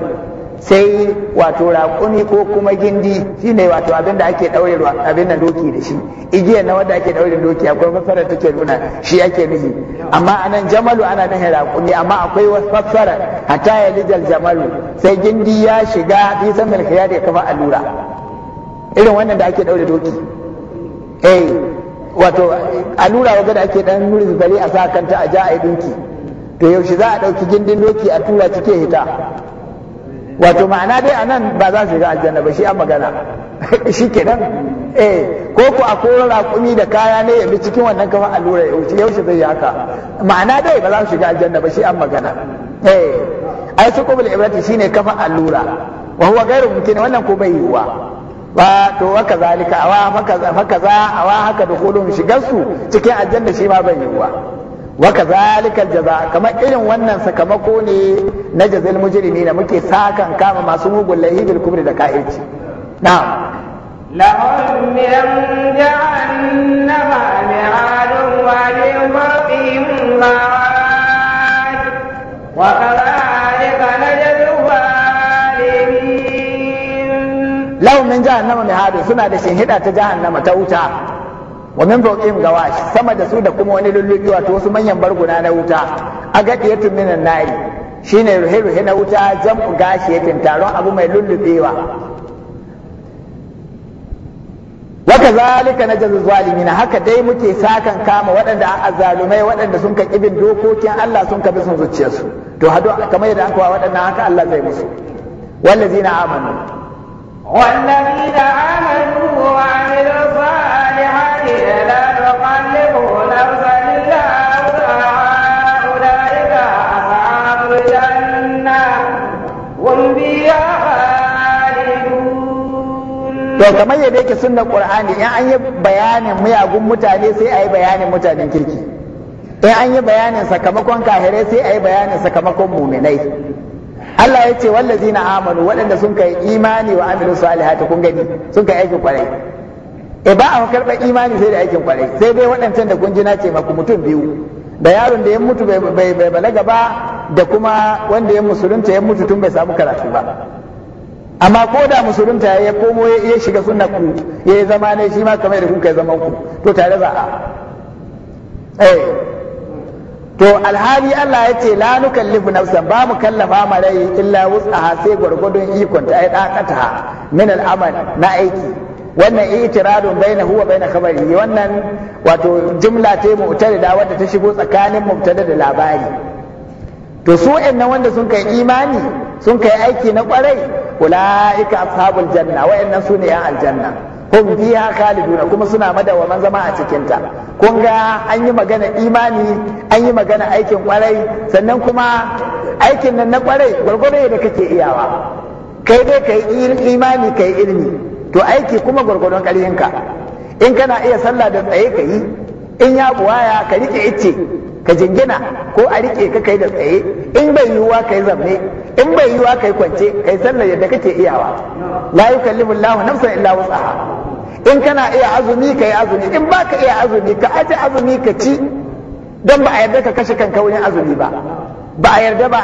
S1: sai wato raƙuni ko kuma gindi shine wato abin da ake ɗaure abin da doki da shi igiya na wanda ake ɗaure doki akwai fassara take nuna shi ake nufi amma anan jamalu ana nufin raƙuni amma akwai wasu fassara hatta ya lijal jamalu sai gindi ya shiga fi san khiyar ya kafa allura irin wannan da ake ɗaure doki eh wato allura waje ake dan nuri zare a sa kanta a ja a yi dinki to yaushe za a ɗauki gindin doki a tura cike hita wato ma'ana dai anan ba za su ga aljanna ba shi an magana (laughs) shi kenan eh ko ku a koran raƙumi da kaya ne yabi cikin wannan kamar allura yaushe yaushe zai yi haka ma'ana dai ba za su shiga aljanna ba shi an magana eh ai su kubul ibrati shine kafa allura wa huwa ghairu mumkin wannan ko bai yiwuwa ba to waka zalika awa haka za awa haka da kolon shigarsu cikin aljanna shi ma ban yiwuwa waka zalikal jaza kamar irin wannan sakamako ne na jazil mujrimi da muke sakan kama masu mugun lahibil kubri da ka'irci na'am
S2: لهم من جهنم مهاد ومن فوقهم غواد
S1: وكذلك lahum min jahannama mihadu suna da shinhida ta jahannama ta wuta wa min fawqihim gawash sama da su da kuma wani lullubi wato wasu manyan barguna na wuta agadiyatun minan nayi shine ruhe-ruhe na wuta jam'u gashi yakin taron abu mai lullubewa wa kazalika na zalimin haka dai muke sakan kama waɗanda a zalumai waɗanda sun ka ibin dokokin Allah sun ka bi sun zuciyarsu to hado kamar yadda aka wa waɗannan haka Allah zai musu wallazina amanu
S2: والذين آمنوا وعملوا الصالحات لا نقلب نفسا إلا أولئك أصحاب الجنة هم فيها
S1: To kamar yadda yake sunnar Qur'ani in an yi bayanin miyagun mutane sai a yi bayanin mutanen kirki. In an yi bayanin sakamakon kahirai sai a yi bayanin sakamakon muminai. Allah ya ce na amanu waɗanda sun kai imani wa amilu salihati kun gani sun kai aikin kwarai e ba a karɓar imani sai da aikin kwarai sai dai waɗancan da kunji na ce maku mutum biyu da yaron da ya mutu bai balaga ba da kuma wanda ya musulunta ya mutu tun bai samu karatu ba amma ko da musulunta ya komo ya shiga sunna ku ya zama ne shi ma kamar da kuka kai zaman ku to tare za a eh, to alhali Allah ya ce la nukallifu nafsan ba mu kallafa ma illa wus'aha sai gwargwadon ikon ta ai dakata min al'amal na aiki wannan itiradun baina huwa baina khabari wannan wato jumla ce mu'tarida wadda ta shigo tsakanin mubtada da labari to su na wanda sun kai imani sun kai aiki na kwarai ulaika ashabul janna wa'annan su ne yan aljanna hum Khalidu na kuma suna madawaman zama a cikin ta kun ga an yi magana imani an yi magana aikin kwarai sannan kuma aikin nan na kwarai gwargwado da kake iyawa kai dai kai imani kai ilmi to aiki kuma gwargwadon ƙarfinka in kana iya sallah da tsaye ka yi in ya buwaya ka rike icce ka jingina ko a rike ka kai da tsaye in bai yiwuwa kai zamne in bai yiwuwa kai kwance kai sallar yadda kake iyawa la yukallimu llahu nafsan illa wus'aha in kana iya azumi ka yi azumi in ba ka iya azumi ka aje azumi ka ci don ba a yarda ka kashe kanka wurin azumi ba ba a yarda ba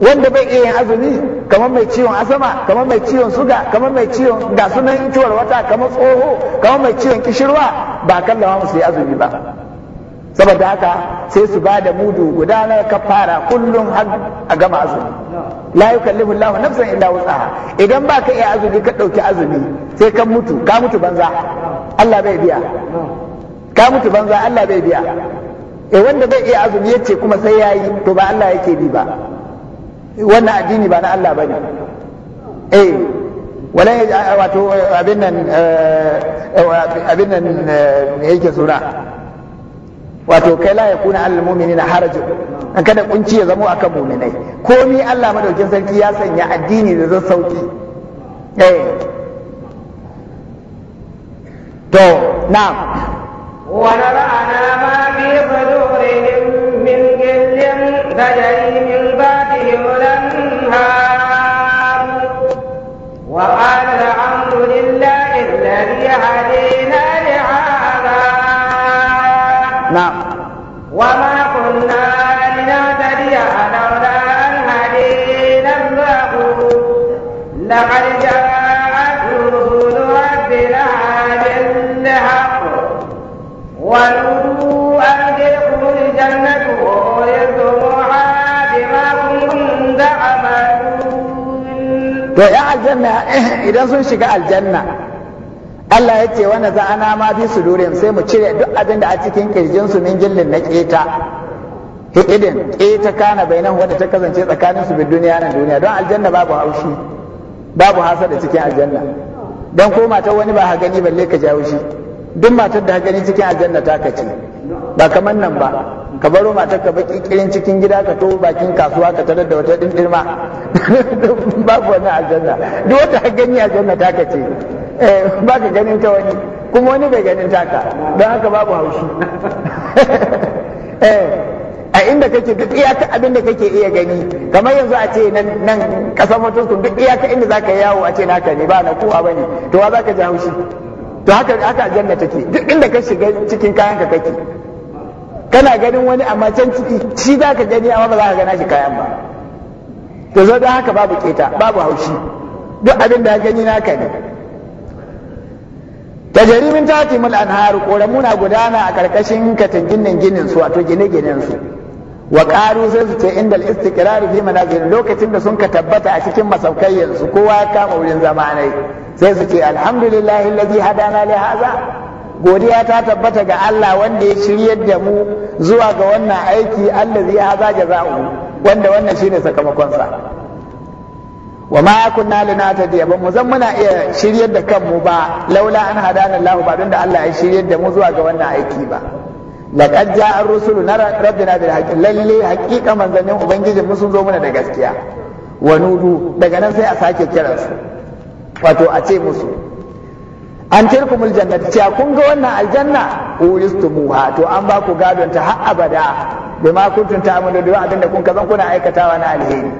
S1: wanda bai iya yin azumi kamar mai ciwon asama kamar mai ciwon suga kamar mai ciwon gasunan sunan ciwon wata kamar tsoho kamar mai ciwon kishirwa ba kallawa musu yi azumi ba saboda haka sai su ba da mudu gudanar kafara kullum har a gama azumi la yukallifu Allah nafsan illa wus'aha idan ba ka iya azumi ka dauki azumi sai ka mutu ka mutu banza Allah bai biya ka mutu banza Allah bai biya eh wanda bai iya azumi yace kuma sai yayi to ba Allah yake bi ba wannan addini ba na Allah bane eh wala wato abin nan eh, abin nan eh, yake suna wato kai la kuna alal mu'minina harajo, an kada kunci ya zamo akan mu'minai komi Allah madaukin sarki ya sanya addini da zan sauki eh to na
S2: wa nara'ana ma min min wa qala alhamdulillahi alladhi hadina نعم وما كنا لنهتدي لولا أن هدينا الله لقد جاءت رسل ربنا بالحق ونودوا أن تدخلوا الجنة وأورثتموها بما كنتم تعملون. To
S1: ‘yan aljanna idan sun shiga aljanna Allah ya ce wani ana ma bi su durin sai mu cire duk abin da a cikin kirjinsu min jillin na keta hidin keta kana nan wanda ta kasance tsakanin su bin duniya na duniya don aljanna babu haushi babu da cikin aljanna don ko matar wani ba ha gani balle ka jawo shi duk matar da ha gani cikin aljanna ta kace ba kamar nan ba ka baro matar ka baki kirin cikin gida ka to bakin kasuwa ka tarar da wata dindirma (laughs) babu wani aljanna duk wata ha gani aljanna ta kace Eh, ba ka ganin ta wani kuma wani bai ganin taka don haka babu haushi (laughs) eh, a inda kake duk iyaka abin da kake iya gani kamar yanzu a ce nan nan kasar mutum duk iyaka inda zaka yi yawo a ce naka ne ba na kowa bane to wa zaka ji haushi to haka haka janna take duk inda ka shiga cikin kayan ka kake kana ganin wani amma can ciki shi zaka gani amma ba za ka gana shi kayan ba to zo don haka babu keta babu haushi duk abin da ka gani naka ne tajari min tati mul anharu koramu na gudana a karkashin katin nan ginin su wato gine-ginen su wa sai su ce indal istiqrar fi manazil lokacin da sun ka tabbata a cikin masaukayen su kowa ya kama wurin zamanai sai su ce alhamdulillahi allazi hadana li hadha godiya ta tabbata ga Allah wanda ya shiryar da mu zuwa ga wannan aiki allazi hadha jaza'u wanda wannan shine sakamakonsa wa ma kunna linatadiya ba mu zan muna iya shiryar da kanmu ba laula an hadana Allah ba don da Allah ya shiryar da mu zuwa ga wannan aiki ba laqad ja'a ar-rusulu rabbina bil haqqi lalle haqiqa manzannin ubangiji mu sun zo muna da gaskiya wa nudu daga nan sai a sake kiransu wato a ce musu an tilkumul jannati cewa kun ga wannan aljanna uristumuha to an ba ku gadon ta har abada bima kuntum ta'malu da abin da kun kazan kuna aikatawa na alheri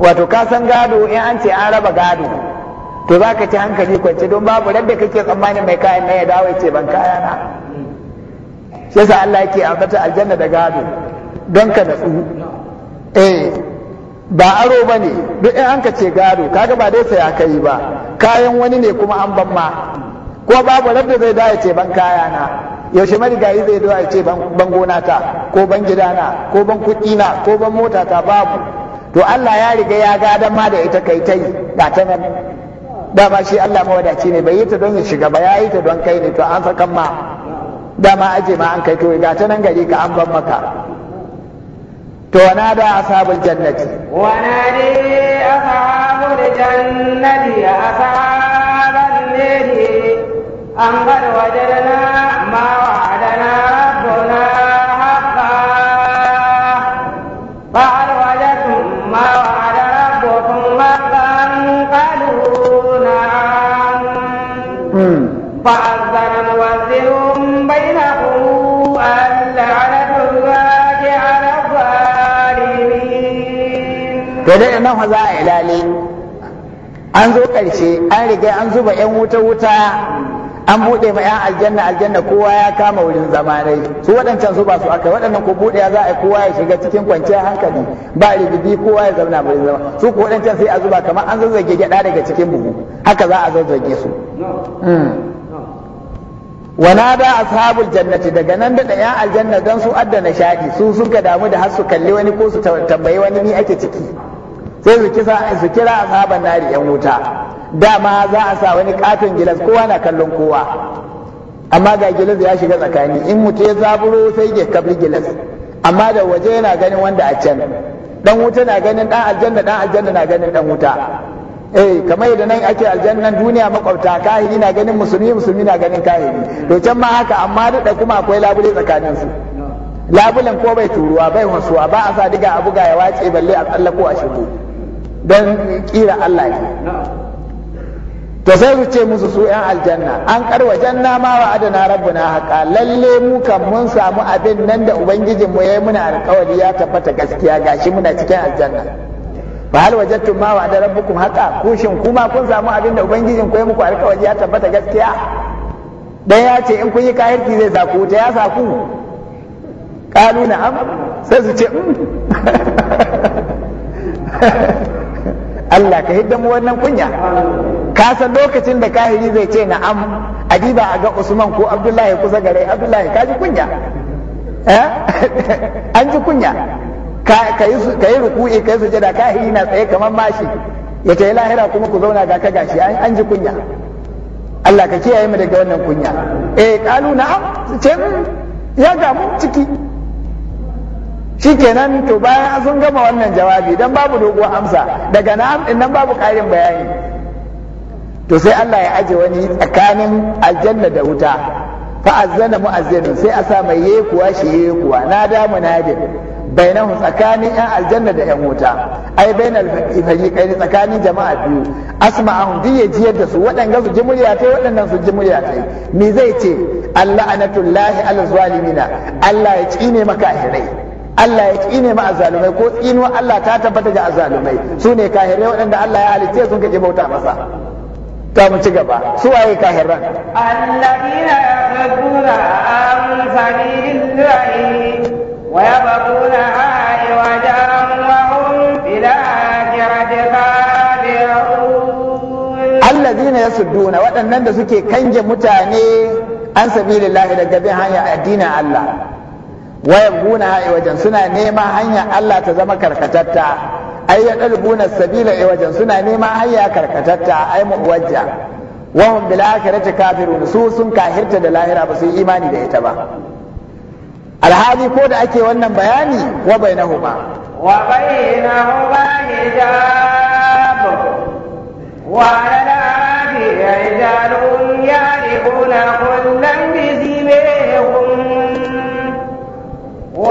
S1: wato ka san gado in an ce an raba gado to za ka ci hankali kwance don babu rabbi kake tsammanin mai kayan na ya dawo ya ce ban kaya na shi yasa Allah yake ambata aljanna da gado don ka natsu eh ba aro ba ne duk in an ka ce gado kaga ba dai saya kai ba kayan wani ne kuma an ban ma ko babu rabbi zai dawo ya ce ban kaya na yaushe marigayi zai dawo ya ce ban gona ta ko ban gidana ko ban kuɗi na ko ban mota ta babu to Allah ya riga ya dan ma da ita kai ta yi ga ta nan dama shi Allah mawadaci ne bai yi ta don ya shiga ba ya yi ta don kai ne to an sakan ma dama aje ma an kai to ga ta nan gari ka an ban maka to wana da ashabul jannati
S2: wana ne ashabul jannati ashaban nadi an bar wajadna ma wa to dai
S1: nan fa za a ilale an zo ƙarshe an riga an zuba 'yan wuta-wuta an buɗe ma 'yan aljanna aljanna kowa ya kama wurin zama dai su waɗancan su ba su aka waɗannan ko buɗe za a kowa ya shiga cikin kwanciyar hankali ba rigidi kowa ya zauna wurin zama su ko waɗancan sai a zuba kamar an zazzage gyaɗa daga cikin buhu haka za a zazzage su hmm. da ashabul jannati daga nan da ɗaya aljanna dan su adda nishaɗi su suka damu da har su kalli wani ko su tambayi wani ni ake ciki sai su kisa su kira sabon nari yan wuta dama za a sa wani katon gilas kowa na kallon kowa amma ga gilas ya shiga tsakani in mutu ya zaburo sai ya kabri gilas amma da waje yana ganin wanda a can dan wuta na ganin dan aljanna dan aljanna na ganin dan wuta eh kamar yadda nan ake aljannan duniya makwabta kahiri na ganin musulmi musulmi na ganin kahiri to can ma haka amma da kuma akwai labule tsakanin su labulen ko bai turuwa bai wasuwa ba a sa diga a buga ya wace balle a tsallako a shigo don kira Allah ne to sai su ce musu su yan aljanna an karwa janna ma wa adana na haka, lalle mu kan mun samu abin nan da ubangijin mu yi muna alkawari ya tabbata gaskiya gashi muna cikin aljanna Ba hal wajadtum ma wa adana rabu haqa kushin shin kuma kun samu abin da ubangijin ku yi muku alkawari ya tabbata gaskiya dan ya ce in kun yi kayarki zai saku ta ya saku na am? sai su ce mm. (laughs) (laughs) Allah ka hidda mu wannan kunya ka san lokacin da kahiri zai ce na'am adiba a ga Usman ko Abdullahi kusa gare Abdullahi ka ji kunya (laughs) eh (laughs) an ji kunya ka yi ruku'i kai yi sujada kahiri na tsaye kamar mashi ya ta lahira kuma ku zauna ga ka gashi an ji kunya Allah ka kiyaye mu daga wannan kunya eh kalu am ce hmm, ya gamu ciki shikenan to bayan sun gama wannan jawabi dan babu doguwar amsa daga na'am din nan babu karin bayani to sai Allah ya aje wani tsakanin aljanna da wuta fa azzana sai a sa mai ye kuwa shi ye kuwa na da munadin bainahu tsakanin yan aljanna da yan wuta ai bainal fariqaini tsakanin jama'a biyu asma'ahum ya jiyar da su waɗanda su ji murya tai waɗannan su ji murya tai me zai ce Allah anatullahi alal Allah ya tsine maka hirai Allah ya tsine ma azalumai, ko tsinuwa Allah ta tabbata ga azalumai su ne kahirai waɗanda Allah ya halitta sun kaje bauta masa ta mu ci gaba su waye kahiran
S2: alladina yaquluna an sabilillahi wa yabquna aywajan wa hum bil akhirati kafirun
S1: alladina yasudduna waɗannan da suke kange mutane an sabilillahi daga bin hanya addinin Allah wayan guna wajen suna neman hanyar Allah ta zama karkatatta ai ya dalbuna sabila wajen suna neman hanya karkatatta ai muwajja wa hum bil akhirati kafirun su sun kahirta da lahira ba su yi imani da ita ba alhali ko da ake wannan bayani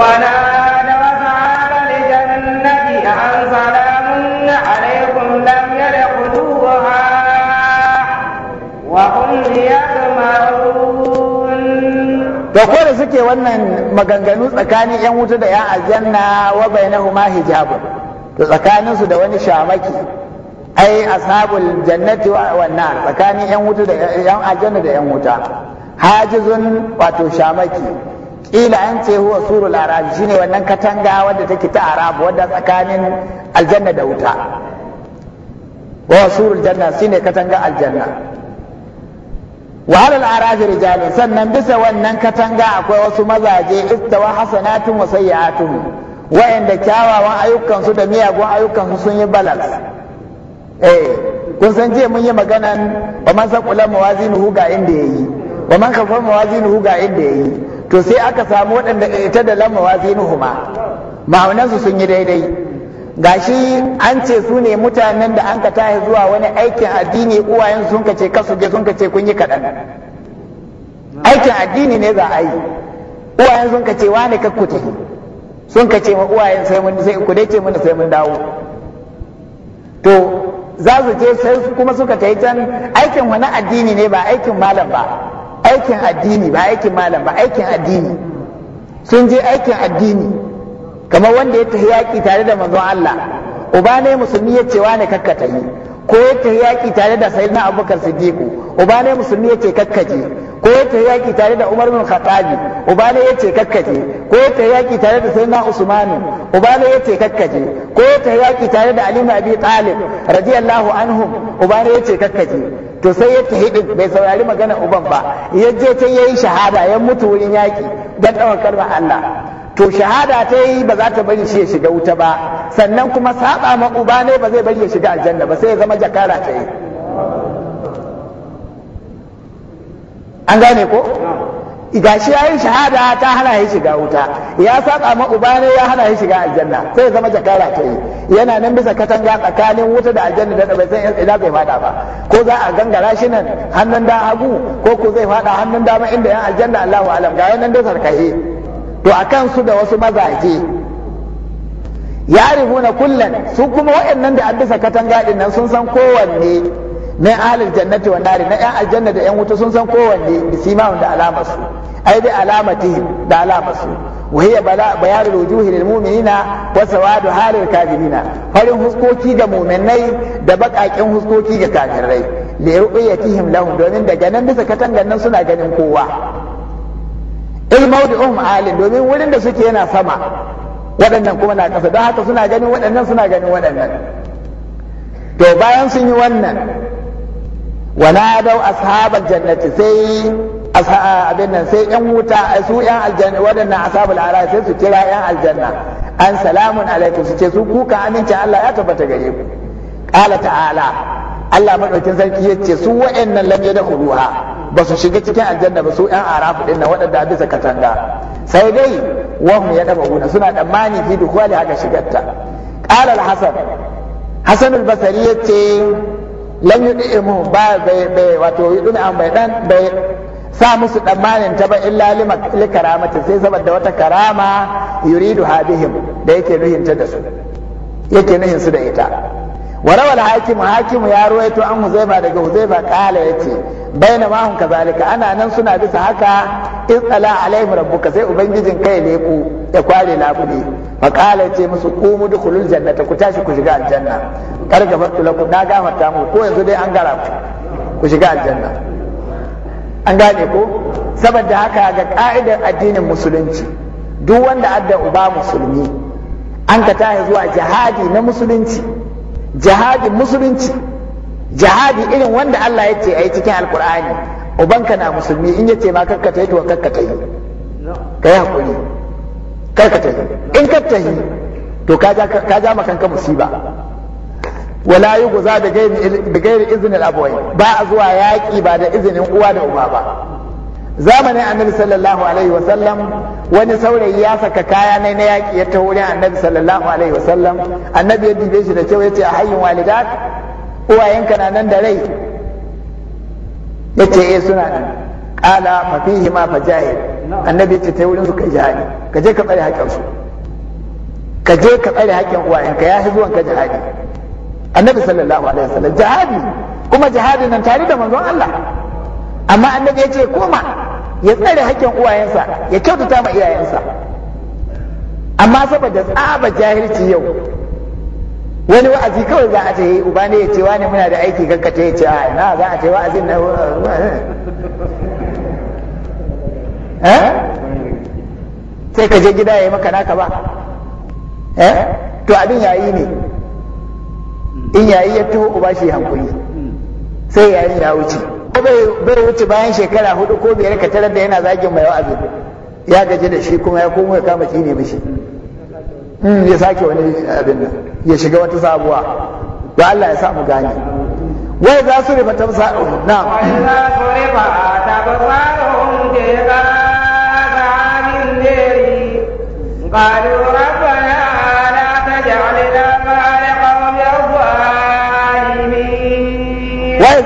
S2: ونادى أصحاب الجنة أن سلام عليكم لم يدخلوها وهم يطمعون
S1: da ko da suke wannan maganganu tsakanin 'yan wuta da 'yan aljanna wa bainahuma hijabu to tsakaninsu da wani shamaki ai ashabul jannati wa nar tsakanin 'yan wuta da 'yan aljanna da 'yan wuta hajizun wato shamaki ƙila an ce huwa surul arab shine wannan katanga wadda take ta arab wadda tsakanin aljanna da wuta wa surul janna shine katanga aljanna wa al arabi rijal sannan bisa wannan katanga akwai wasu mazaje istawa hasanatun wa sayyi'atun wayanda kyawawan ayyukansu da miyagun ayyukansu sun yi balance eh kun san je mun yi maganan wa man saqula mawazinuhu ga inda yayi wa man kafa mawazinuhu ga inda yayi to sai aka samu waɗanda ita da lamma wazinuhuma ma'aunansu sun yi daidai gashi an ce su ne mutanen da an ka tahi zuwa wani aikin addini uwayen sun ka ce kasu je sun ka ce kun yi kaɗan aikin addini ne za a yi uwayen sun ka ce wani kakku tafi sun ka ce ma uwayen sai mun sai ku dace ce mun sai mun dawo to za su je sai kuma suka yi can aikin wani addini ne ba aikin malam ba aikin addini ba aikin malam ba aikin addini sun je aikin addini kamar wanda ya tafi yaƙi tare da manzon Allah uba ne musulmi ya ce wane kakka yi? ko ya tafi yaƙi tare da sayyidina abubakar siddiqu uba ne musulmi ya ce je? ko ya tafi yaki tare da Umar bin Khattab ubale yace kakkaje ko ya tafi yaki tare da Sayyidina Usman ubale yace kakkaje ko ya tafi yaki tare da Ali bin Abi Talib radiyallahu anhu ubale yace kakkaje to sai ya tahi bai saurari magana uban ba yaje ta yayi shahada ya mutu wurin yaki dan dawan Allah to shahada ta yi ba za ta bari shi ya shiga wuta ba sannan kuma saba ma uba ne ba zai bari ya shiga aljanna ba sai ya zama jakara ta yi an gane ko ga shi ya yi shahada ta hana shi shiga wuta ya saba ma uba ne ya hana shi shiga aljanna sai zama jakara ta yi yana nan bisa katanga tsakanin wuta da aljanna da bai san ina bai fada ba ko za a gangara shi nan hannun da hagu ko ko zai fada hannun dama inda yan aljanna Allahu alam ga nan da sarkahi to akan su da wasu mazaje ya rubuna kullan su kuma waɗannan da an bisa katanga din nan sun san kowanne na ahlul jannati wan nari na yan aljanna da yan wuta sun san kowanne simahum da alamar su ai dai alamati da alamar su wa hiya bayanul wujuhi lil mu'minina wa sawadu halil kafirina farin huskoki ga mu'minai da bakakin huskoki ga kafirai li ru'yatihim lahum domin daga nan bisa katangan nan suna ganin kowa il mawdi'uhum alin domin wurin da suke yana sama waɗannan kuma na ƙasa don haka suna ganin waɗannan suna ganin waɗannan to bayan sun yi wannan wala dau ashabal jannati sai abin nan sai yan wuta su yan aljanna wadannan ashabul ala sai su kira yan aljanna an salamun alaikum su ce su kuka aminci Allah ya tabbata gare ku qala ta'ala Allah madaukin sarki yace su wa'annan lam yadkhuluha ba su shiga cikin aljanna ba su yan arafu ɗinnan nan wadanda bisa katanga sai dai wahum yadabuna suna tsammani fi dukhuli haka shigarta qala al-hasan hasan hasan al ce. lam mu ba bai bai wato yudun an bai dan bai sa musu tsammanin ta ba illa lima karamati sai saboda wata karama yuridu hadihim da yake da su yake nuhin su da ita wa rawal hakim hakim ya ruwaito an huzaifa daga huzaifa kala yace baina ma hum kazalika ana nan suna bisa haka in tsala alaihim rabbuka sai ubangijin kai ne ku ya kware labule fa kala yace musu qumu dukhulul jannata ku tashi ku shiga aljanna kar gafartu lakum na gafarta mu ko yanzu dai an gara ku ku shiga aljanna an gane ko saboda haka ga ka'idar addinin musulunci duk wanda adda uba musulmi an ka zuwa jihadi na musulunci jihadin musulunci jihadi irin wanda Allah ya ce a yi cikin alkur'ani ubanka na musulmi in ya ce ma karkata yi to kakkata yi ka yi haƙuri karkata yi in karkata yi to ka ja makanka musiba wala yi guza da gairi izinin abuwai ba a zuwa yaƙi ba da izinin uwa da uba ba zamanin annabi sallallahu alaihi wasallam wani saurayi ya saka kaya na na yaƙi ya taho wurin annabi sallallahu alaihi wasallam annabi ya dube shi da kyau ya ce a hayyin walidat uwayenka na nan da rai ya ce eh suna nan ƙala fa fihi ma fa jahil annabi ya ce ta wurin su kai jihadi ka je ka tsare haƙƙin su ka je ka tsare haƙƙin uwayenka ya fi zuwan ka jihadi annabi sallallahu alaihi wasallam jihadi kuma jihadi nan tare da manzon Allah amma annabi ya ce koma ya tsare hakkin uwayensa ya kyautata ma iyayensa amma saboda tsaba jahilci yau wani wa'azi kawai za a ce eh, uba ne ya ce wani muna da aiki kakkata ya ce a ah, na za a ce wa'azin na (laughs) eh? sai ka je gida ya yi maka naka ba eh? to abin yayi ne in yayi ya taho uba shi hankuli sai yayin ya wuce ko bai wuce bayan shekara hudu ko biyar ka tarar da yana zagin mai wa'azi ya gaji da shi kuma ya komo ya kama kine mishi hmm, ya sake wani abin nan ya shiga wata sabuwa ba Allah ya sa mu gane wai za su rufe tamsa na
S2: ba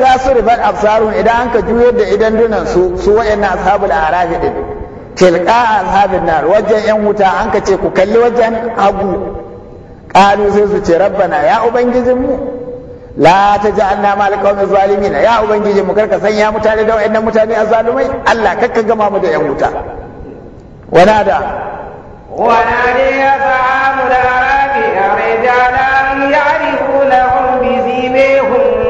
S2: idza
S1: suribat absarun idan an ka juyar da idan dunan su su wayannan ashabul arafi din tilqa ashabin nar wajen yan wuta ka ce ku kalli wajen agu qalu sai su ce rabbana ya ubangijin mu la taj'alna ma alqawmi zalimin ya ubangijin mu karka sanya mutane da wayannan mutane azalumai Allah kakka gama mu da yan wuta wanada ونادي
S2: أصحاب الأعراف رجالا يعرفونهم بسيماهم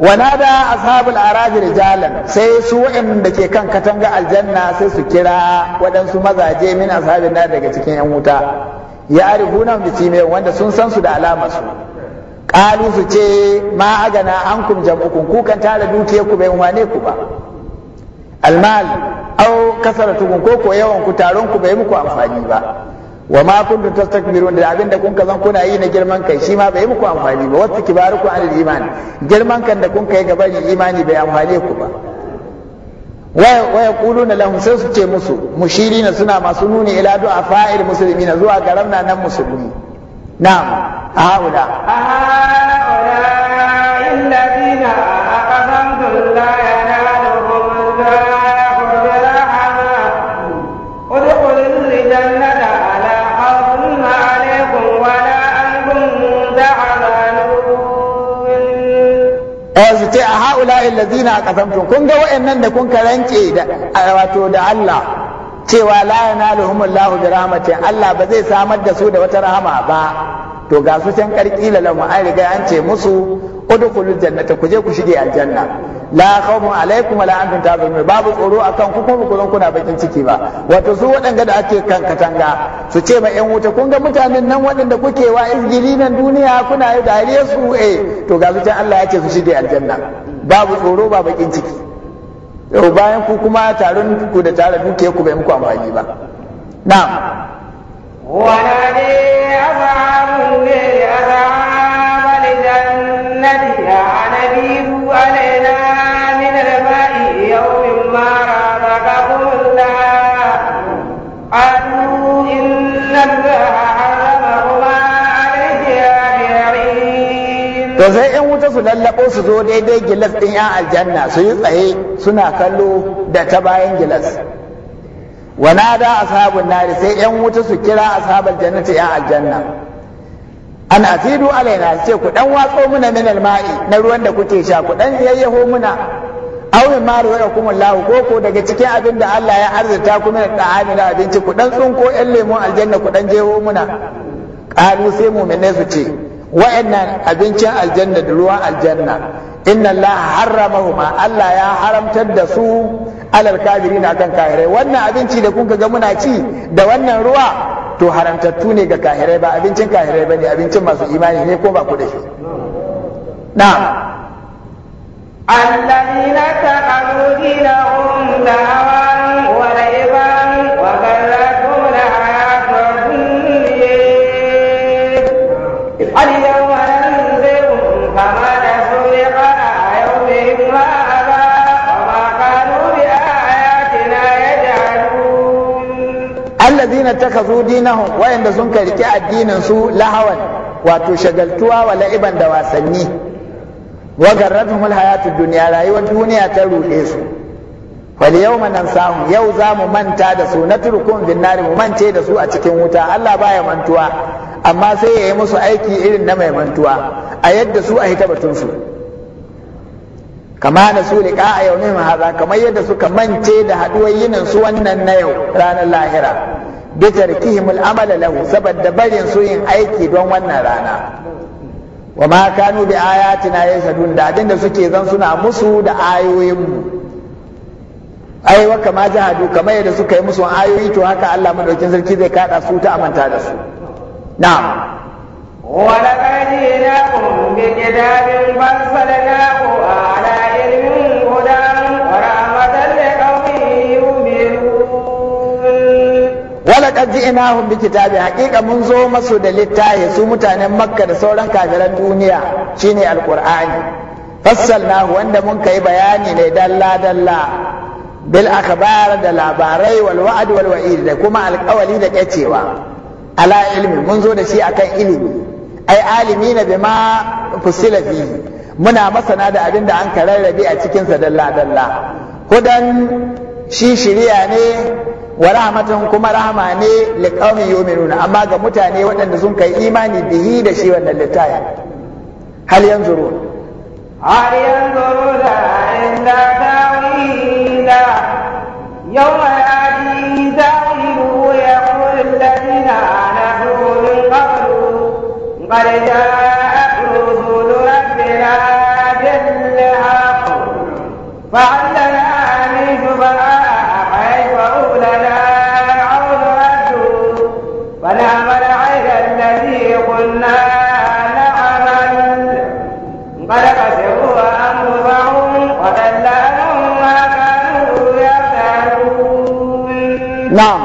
S1: wana da ashabul araj rijalan sai su wa'in da ke kan katanga aljanna sai su kira wadansu mazaje min ashabin na daga cikin yan wuta ya arifuna mu ci wanda sun san su da alamar su qalu su ce ma agana ankum jam'ukum ku kan tare dukiyarku bai wane ku ba almal au kasaratukum ko ko yawan ku taron ku bai muku amfani ba wa ma kuntum tastakbirun da abin da kun zan kuna yi na girman kai shima ma bai muku amfani ba wasu kibaruku anil iman girman kan da kun kai gaba ni imani bai amfane ku ba wa yaquluna lahum sai su ce musu mushirina suna masu nuni a du'a fa'il na zuwa ga ramna nan musulmi na'am a a haula Eh, su ce a haulain lazina a kasamtu kun ga wa'annan da kun karanke da wato da Allah cewa la yanaluhum lahu bi rahmatin Allah ba zai samar da su da wata rahama ba to ga su can karkila lamu an riga an ce musu udkhulul jannata ku je ku shige aljanna la khawfun alaikum wala antum tahzanun babu tsoro akan ku kuma ku zan kuna bakin ciki ba wato su waɗanda da ake kan katanga su ce ma yan wuta kun ga mutanen nan waɗanda kuke wa izgili nan duniya kuna yi dariya su eh to ga zuciyar Allah ya su shirya aljanna babu tsoro ba bakin ciki Yau bayan ku kuma taron ku da tara duke ku bai muku amfani ba na'am
S2: ونادي أصحاب النار أصحاب الجنة أن علينا to
S1: sai in wuta su lallabo su zo daidai gilas ɗin 'yan aljanna su yi tsaye suna kallo da ta bayan gilas wanada ashabun nari sai yan wuta su kira ashabal jannati yan aljanna an asidu alaina ce ku ɗan watso muna min ma'i na ruwan da kuke sha ku dan yayyaho muna aunin mara da kuma lahu ko ko daga cikin abin da Allah ya arzita kuma da ɗa'ami na abinci ku ɗan tsunko yan lemun aljanna ku ɗan jeho muna qalu sai muminai su ce wa'annan abincin aljanna da ruwan aljanna inna Allah harramahuma Allah ya haramtar da su alal kafirin akan kahirai wannan abinci da kuka ga muna ci da wannan ruwa to haramtattu ne ga kahirai ba abincin kahirai bane abincin masu imani ne ko ba ku da shi
S2: na'am الذين اتخذوا دينهم لهوا ولعبا وغرتهم الحياة الدنيا اليوم ننذرهم كما نسوا لقاء يومهم هذا وما كانوا بآياتنا
S1: يجعلون الذين اتخذوا دينهم وين سنك الدين سوء لهوا wato shagaltuwa wa la'iban da wasanni wa garratuhumul hayatud dunya rayuwar duniya ta ruɗe su wal yawma nansahum yau za mu manta da su natrukum bin nari mu mance da su a cikin wuta Allah baya mantuwa amma sai yayi musu aiki irin na mai mantuwa a yadda su a hita batun su kama da su liqa a yau ne haza kamar yadda suka mance da haduwar yinin su wannan na yau ranar lahira bitarkihimul amala lahu saboda barin su yin aiki don wannan rana wa ma kanu bi ayatina yashadun da abinda suke zan suna musu da ayoyin mu ai wa kama jahadu kamar yadda suka yi musu ayoyi to haka Allah madaukin sarki zai kada su ta amanta da su na'am
S2: ولقد bi kitabin فصلناه ala
S1: wala ina ji'nahum bi kitabi haqiqa mun zo masu da littafi su mutanen makka da sauran kafiran duniya shine alqur'ani fassalnahu wanda mun kai bayani ne dalla dalla bil akhbar da labarai wal wa'd wal wa'id da kuma alƙawali da kacewa ala ilmi mun zo da shi akan ilimi ai na bima fusila fihi muna masana da abin da an kararrabe a cikinsa dalla dalla hudan shi shiriya ne wa rahmatun kuma rahama ne li qaumi yu'minuna amma ga mutane waɗanda sun kai imani bihi da shi wannan littafin hal yanzuru hal yanzuru la inda
S2: ta'wila yawma ya'ti ta'wilu yaqul alladhina nadu min qablu qad ja'at rusulu rabbina bil haqq na'am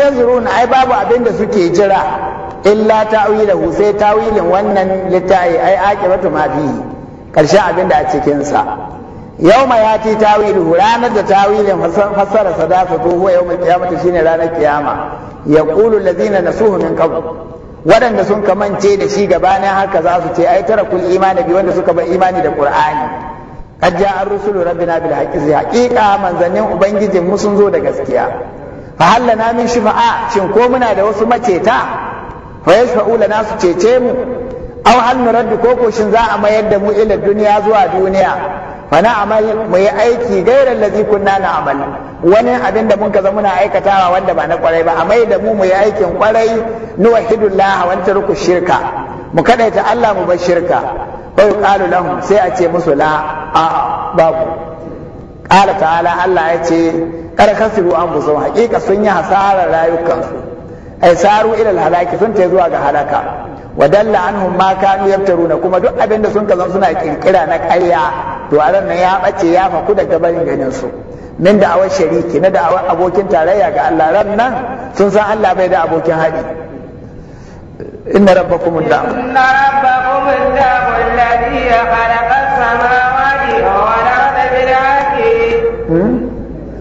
S1: yanzu ruwan ai babu abin da suke jira illa ta'wilahu sai ta'wilin wannan littafi ai aqibatu ma fi karshen abin da a cikin sa ya yati ta'wilu ranar da ta'wilin fassara sadaqatu huwa yawmul qiyamati shine ranar kiyama yaqulu allazina nasuhu min qabl waɗanda sun kamance da shi gabanin haka za su ce ai tara kul imani bi wanda suka bar imani da qur'ani Kajja ar rusulu rabbina bil haqqi haqiqa manzannin ubangijin mu sun zo da gaskiya fa hallana min shifa'a shin ko muna da wasu maceta fa yashfa'u lana su cece mu aw hannu nuraddu ko koshin za a mayar da mu ila duniya zuwa duniya fa na mu yi aiki gairar lazi na amal wani abin da mun kaza muna aikatawa wanda ba na kwarai ba a mai da mu mu yi aikin kwarai nuwahidullah wa tarku shirka mu kadaita Allah mu bar shirka fa yuqalu lahum sai a musu la a babu qala ta'ala Allah ya ce kar kasiru an busau haƙiƙa sun yi hasarar rayukansu ai saru ilal halaki sun ta zuwa ga halaka wa dalla anhum ma kanu yaftaruna kuma duk abinda sun kazan suna kirkira na ƙarya to a ran ya bace ya faku daga barin ganin su min da awar shariki na da awar abokin tarayya ga Allah ran nan sun san Allah bai da abokin haɗi inna rabbakum da
S2: inna rabbakum da alladhi khalaqa samawati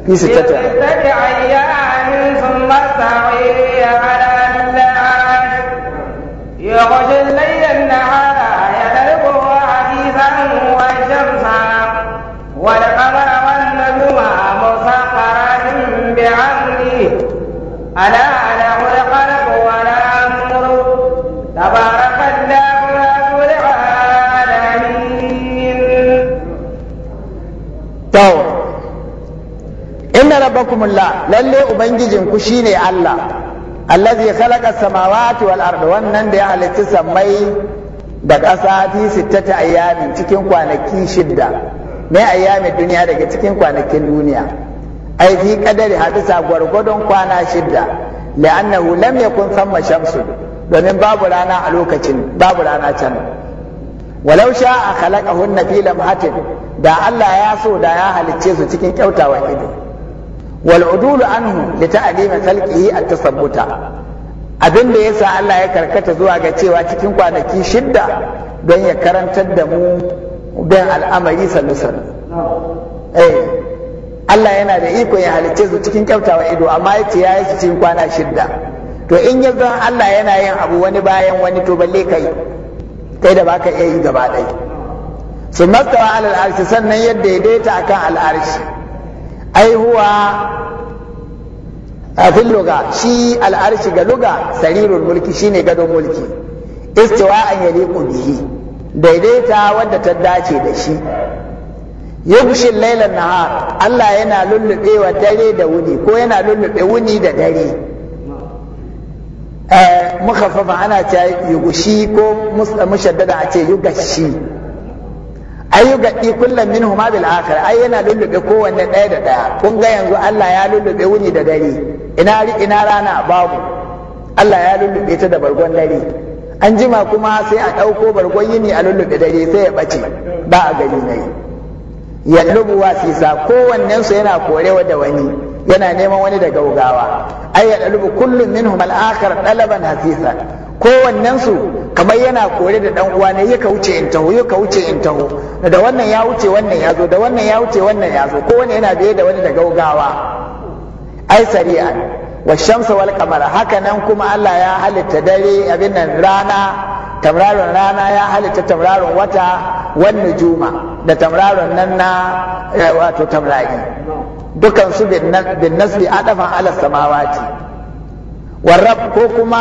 S2: في ستة أيام ثم استعيني على الناس يغشي الليل النهار يدركه عزيزا والشمس والقمر والنجوم مسخرات بعمره ألا له الخلق والأمر تبارك الله رب العالمين.
S1: rabbakumullah lalle ubangijin ku shine Allah allazi khalaqa samawati wal arda wannan da ya halitta sammai da ƙasa fi sittata ayyamin cikin kwanaki shidda mai ayyamin duniya daga cikin kwanakin duniya ai fi kadari hadisa gwargwadon kwana shidda la'annahu lam yakun thamma shamsu domin babu rana a lokacin babu rana can walau a a hunna fi hatin, da Allah ya so da ya halicce su cikin kyautawa ido والعدول عنه لتعليم خلقه التثبت abin da yasa Allah ya karkata zuwa ga cewa cikin kwanaki shidda don ya karantar da mu bin al'amari salusan eh Allah yana da iko ya halicce su cikin kyautawa ido amma ya ce ya yi cikin kwana shidda to in ya zan Allah yana yin abu wani bayan wani to balle kai kai da baka iya yi gaba ɗaya su mastawa al'arshi sannan yadda ya daita akan al'arshi Aihuwa huwa a fil luga shi al'arshi ga luga sarirul mulki shine gadon mulki istiwa an yali bihi daidaita wadda ta dace da shi yubshil laila nahar Allah yana lullube wa dare da wuni ko yana lullube wuni da dare eh, fafa ana ta yugushi ko mushaddada a ce yugashi ayu gaɗi kullum min huma bil akhir ai yana lullube kowanne ɗaya da ɗaya kun ga yanzu Allah ya lullube wuni da dare ina ina rana babu Allah ya lullube ta da bargon dare an jima kuma sai a ɗauko bargon yini a lullube dare sai ya ɓace ba a gani na yi ya lubu wasisa kowannensu yana korewa da wani yana neman wani da gaugawa ai ya lubu kullum min humal akhir ɗalaban hasisa kowannensu kamar yana kore da dan uwa ne yaka wuce in taho yaka wuce in taho da wannan ya wuce wannan ya zo da wannan ya wuce wannan ya zo wani yana biye da wani da gaugawa ai Sari'a wa shamsa wal qamara haka nan kuma Allah ya halitta dare abin nan rana tamraron rana ya halitta tamraron wata wan juma da tamraron nan na eh, wato tamrari dukan su bin nasbi adafan ala samawati warrab ko kuma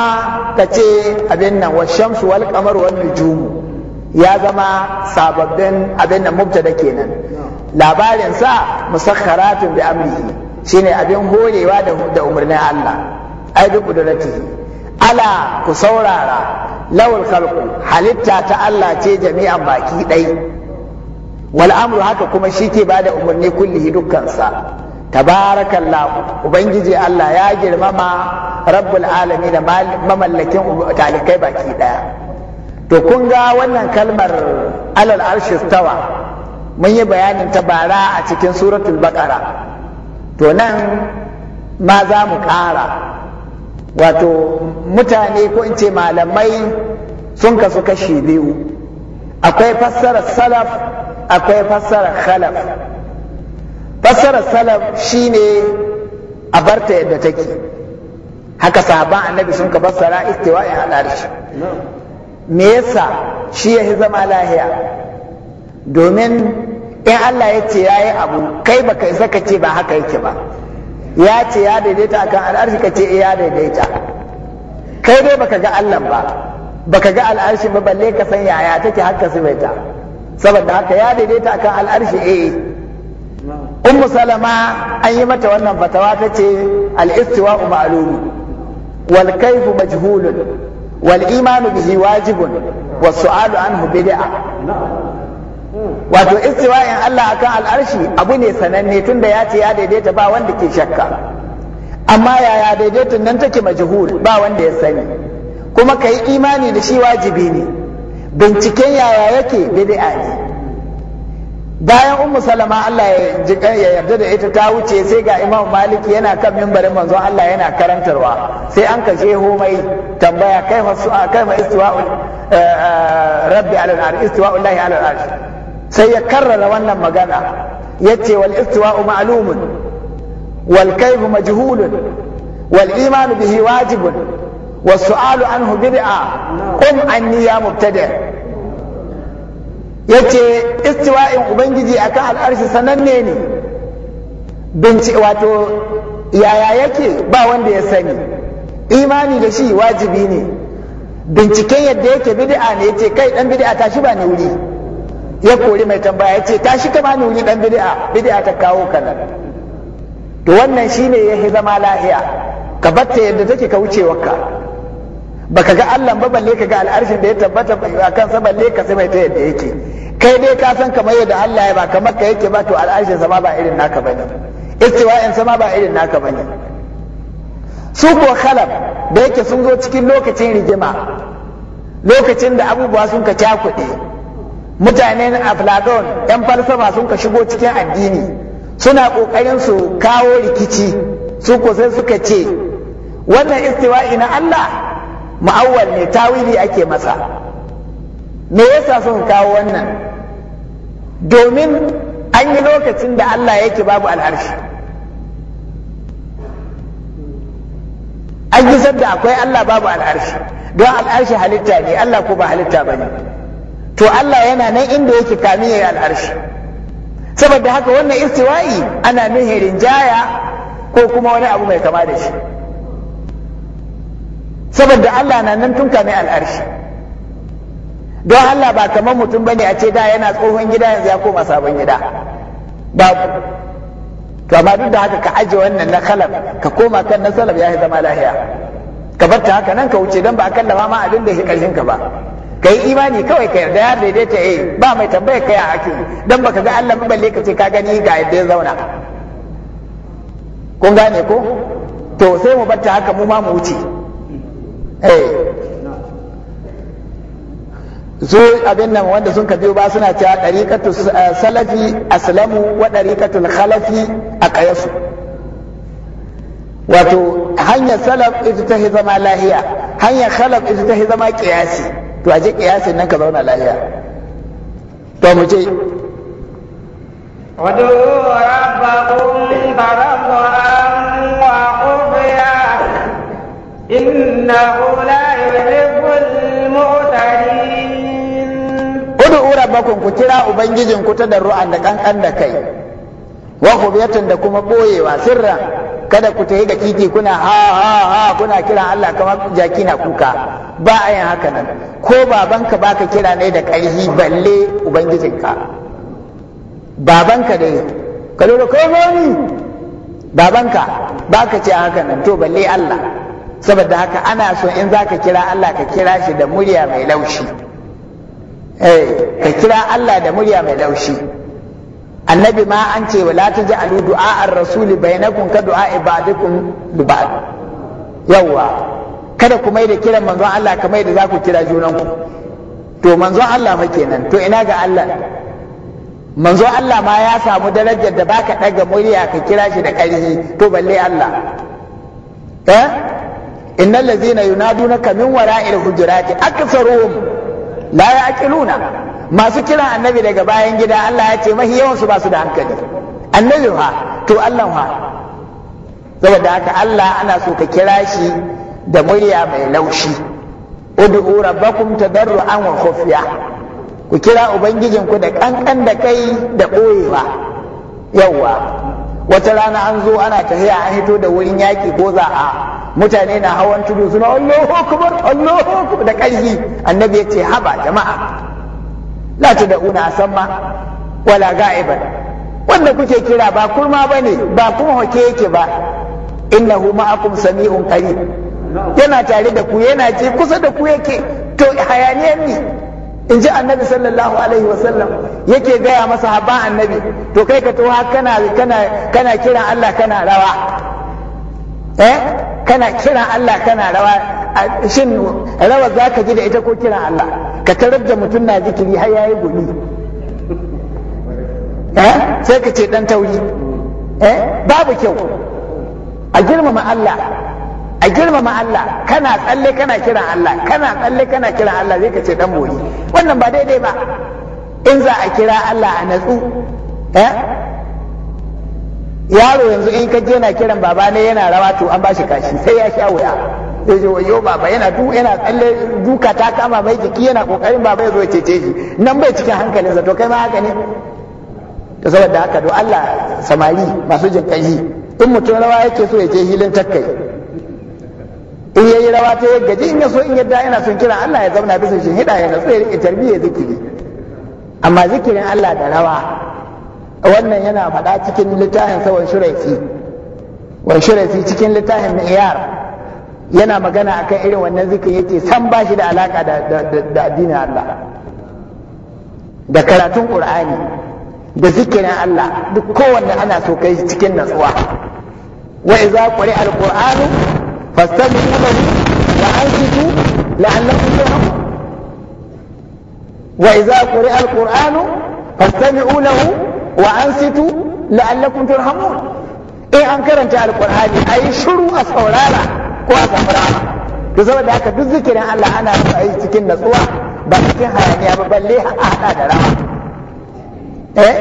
S1: ka ce abin nan wa shamsu wal qamar wal nujumu ya zama sababbin abin nan mubtada kenan labarin sa musakharatun bi amrihi shine abin horewa da da umarnin Allah ai bi qudratihi ala ku saurara lawal khalqu halitta ta Allah ce jami'an baki dai wal amru haka kuma shi ke bada umarni kullihi dukkan sa tabarakallah ubangiji Allah ya girmama rabbul alami da mamallakin talikai baki daya to kun ga wannan kalmar alal arshi stawa mun yi bayanin ta bara a cikin suratul baqara to nan ma za mu ƙara wato mutane ko in ce malamai sun kasu kashi biyu akwai fassarar salaf akwai fassarar khalaf fassarar salaf shine a barta yadda take haka sahaban annabi sun ka fassara istiwa in hada shi me yasa shi ya zama lahiya domin in Allah ya ce yayi abu kai baka isa ka ce ba haka yake ba ya ce ya daidaita akan al'arshi ka ce eh, ya daidaita kai dai baka ga Allah ba baka ga al'arshi ba balle ka san yaya take haka su sifaita saboda haka ya daidaita akan al'arshi eh ummu salama an yi mata wannan fatawa ta ce al-istiwa ma'lum wal kayf majhulun wal imanu bihi wajibun was su'alu anhu bid'a wato in Allah akan al'arshi abu ne sananne tunda ya ce ya daidaita ba wanda ke shakka amma yaya daidaitun nan take majhul ba wanda ya sani kuma kayi imani da shi wajibi ne binciken yaya yake bid'a ne bayan ummu salama Allah ya ya yarda da ita ta wuce sai ga imam malik yana kan mimbarin manzo Allah yana karantarwa sai an kashe homai, tambaya kai fa su'a kai ma istiwa'u eh, eh, rabbi ala al istiwa'u ala al sai ya karrara wannan magana yace wal istiwa'u ma'lumun wal kayfu majhulun wal iman bihi wajibun was su'alu anhu bid'a qum anni ya mubtadi' yace istiwa'in ubangiji akan al'arshi sananne ne binci wato yaya yake ba wanda ya sani imani da shi wajibi ne binciken yadda yake bid'a ne yace kai dan bid'a tashi ba wuri ya kori mai tambaya yace tashi ka ba wuri dan bid'a bid'a ta kawo kana to wannan shine ya zama lahiya ka batta yadda take ka wuce wakka baka ga Allah ba balle ka ga al'arshin da ya tabbata a kansa balle ka sai mai ta yadda yake kai dai ka san kamar yadda Allah ya ba kamar ka yake ba to al'arshin ma ba irin naka bane sa ma ba irin naka bane su ko khalaf da yake sun zo cikin lokacin rigima lokacin da abubuwa sun ka cakuɗe mutanen afladon yan falsafa sun ka shigo cikin addini suna ƙoƙarin su kawo rikici su ko sai suka ce wannan istiwa'i na Allah Ma'awal ne tawili ake masa me yasa sun kawo wannan domin an yi lokacin da Allah yake babu al'arshi an yi da akwai Allah babu al'arshi don al'arshi halitta ne Allah ko ba halitta ba ne to Allah yana nan inda yake kami ya yi al'arshi saboda haka wannan istiwa'i ana nuhin jaya ko kuma wani abu mai kama da shi saboda Allah na nan tun kame al'arshi don Allah ba kamar mutum bane a ce da yana tsohon gida yanzu ya koma sabon gida babu to amma duk da haka ka aje wannan na kalab ka koma kan na salab ya zama lahiya ka bar ta haka nan ka wuce don ba a kallama ma abin da ya ka ba ka yi imani kawai ka yarda ya daidaita eh ba mai tambaya kai a haki don baka ga Allah balle ka ce ka gani ga yadda ya zauna kun gane ko to sai mu bar ta haka mu ma mu wuce Eh. su abin nan wanda sun ka biyo ba suna cewa ɗariƙatu eh, salafi aslamu wa ɗariƙatul khalafi a ƙayasu wato hanyar salaf ita ta zama lahiya hanyar khalaf ita ta zama ƙiyasi to a je ƙiyasin nan ka zauna lahiya to mu je ودعوا
S2: ربكم تضرعا إنه
S1: لا يحب المعتدين ادعوا ربكم كتيرا وبنجيجن كتدروا عندك أن كي وخبيتن دكما بوي وسرا kada ku tafi da kiki kuna ha ha ha kuna kiran Allah kamar jaki na kuka ba a yin haka nan ko babanka baka kira ne da ƙarfi balle ubangijinka babanka dai ka lura ko babanka baka ce haka nan to balle Allah saboda haka ana so in za ka kira Allah ka kira shi da murya mai laushi eh ka kira Allah da murya mai laushi annabi ma an ce wala alu du'a ar-rasuli bainakum ka du'a ibadikum bi ba'd yawa kada ku mai da kiran manzo Allah kamar da za ku kira junanku to manzo Allah ma kenan to ina ga Allah manzo Allah ma ya samu darajar da baka daga murya ka kira shi da ƙarfi to balle Allah eh innal ladzina yunadunaka min wara'il hujurati aktharuhum la ya'qiluna masu kiran annabi daga bayan gida Allah ya ce mahi yawan su ba da hankali annabi ha to Allah ha saboda haka Allah ana so ka kira shi da murya mai laushi ud'u rabbakum tadarruan wa khufiya ku kira ubangijin ku da ƙanƙan da kai da boyewa yawwa wata rana an zo ana tafiya an hito da wurin yaki ko za a mutane na hawan tudu suna Allahu akbar Allahu akbar da ƙarfi annabi ya ce haba jama'a la tad'una asamma wala ga'iban wanda kuke kira ba kurma bane ba kuma hoke yake ba innahu ma'akum sami'un qarib yana tare da ku yana ji kusa da ku yake to hayaniyan ne in ji annabi sallallahu alaihi wasallam yake gaya masa haba annabi to kai ka to kana kana kana kiran Allah kana rawa eh kana kiran Allah kana rawa shin rawa za ka ji da ita ko kiran Allah ka tarar da mutum na zikiri har yayi gumi eh sai ka ce dan tauri eh babu kyau a girmama Allah a girmama Allah kana tsalle kana kiran Allah kana tsalle kana kiran Allah zai ka ce dan bori wannan ba daidai ba in za a kira Allah a natsu eh yaro yanzu in ka je na kiran baba ne yana rawa to an bashi kashi sai ya sha wuya sai je wayo baba yana du yana tsalle duka ta kama mai jiki yana kokarin baba ya zo ya cece shi nan bai cikin hankalinsa to kai ma haka ne to saboda haka do Allah samari masu jin kai in mutum rawa yake so ya je hilin takkai in yayi rawa ta ya gaji in ya so in yadda yana son kira Allah ya zauna bisa shi hida ya nutsu, ya rike tarbiyya zikiri amma zikirin Allah da rawa wannan yana faɗa cikin littafin sa wanshuraisi wanshuraisi cikin littafin mi'yar yana magana akan irin wannan zikiri yace san ba shi da alaka da addinin Allah da karatun Qur'ani da zikirin Allah duk kowanne ana so kai cikin natsuwa wa idza quri'a al-qur'anu fastami'u lahu wa ansitu la'allakum turhamun wa idza quri'a al-qur'anu fastami'u lahu wa ansitu la'allakum turhamun in an karanta alqur'ani ayi shiru a saurara ko a saurara to saboda haka duk zikirin Allah ana so ayi cikin natsuwa ba cikin hayaniya ba balle a hada da rawa eh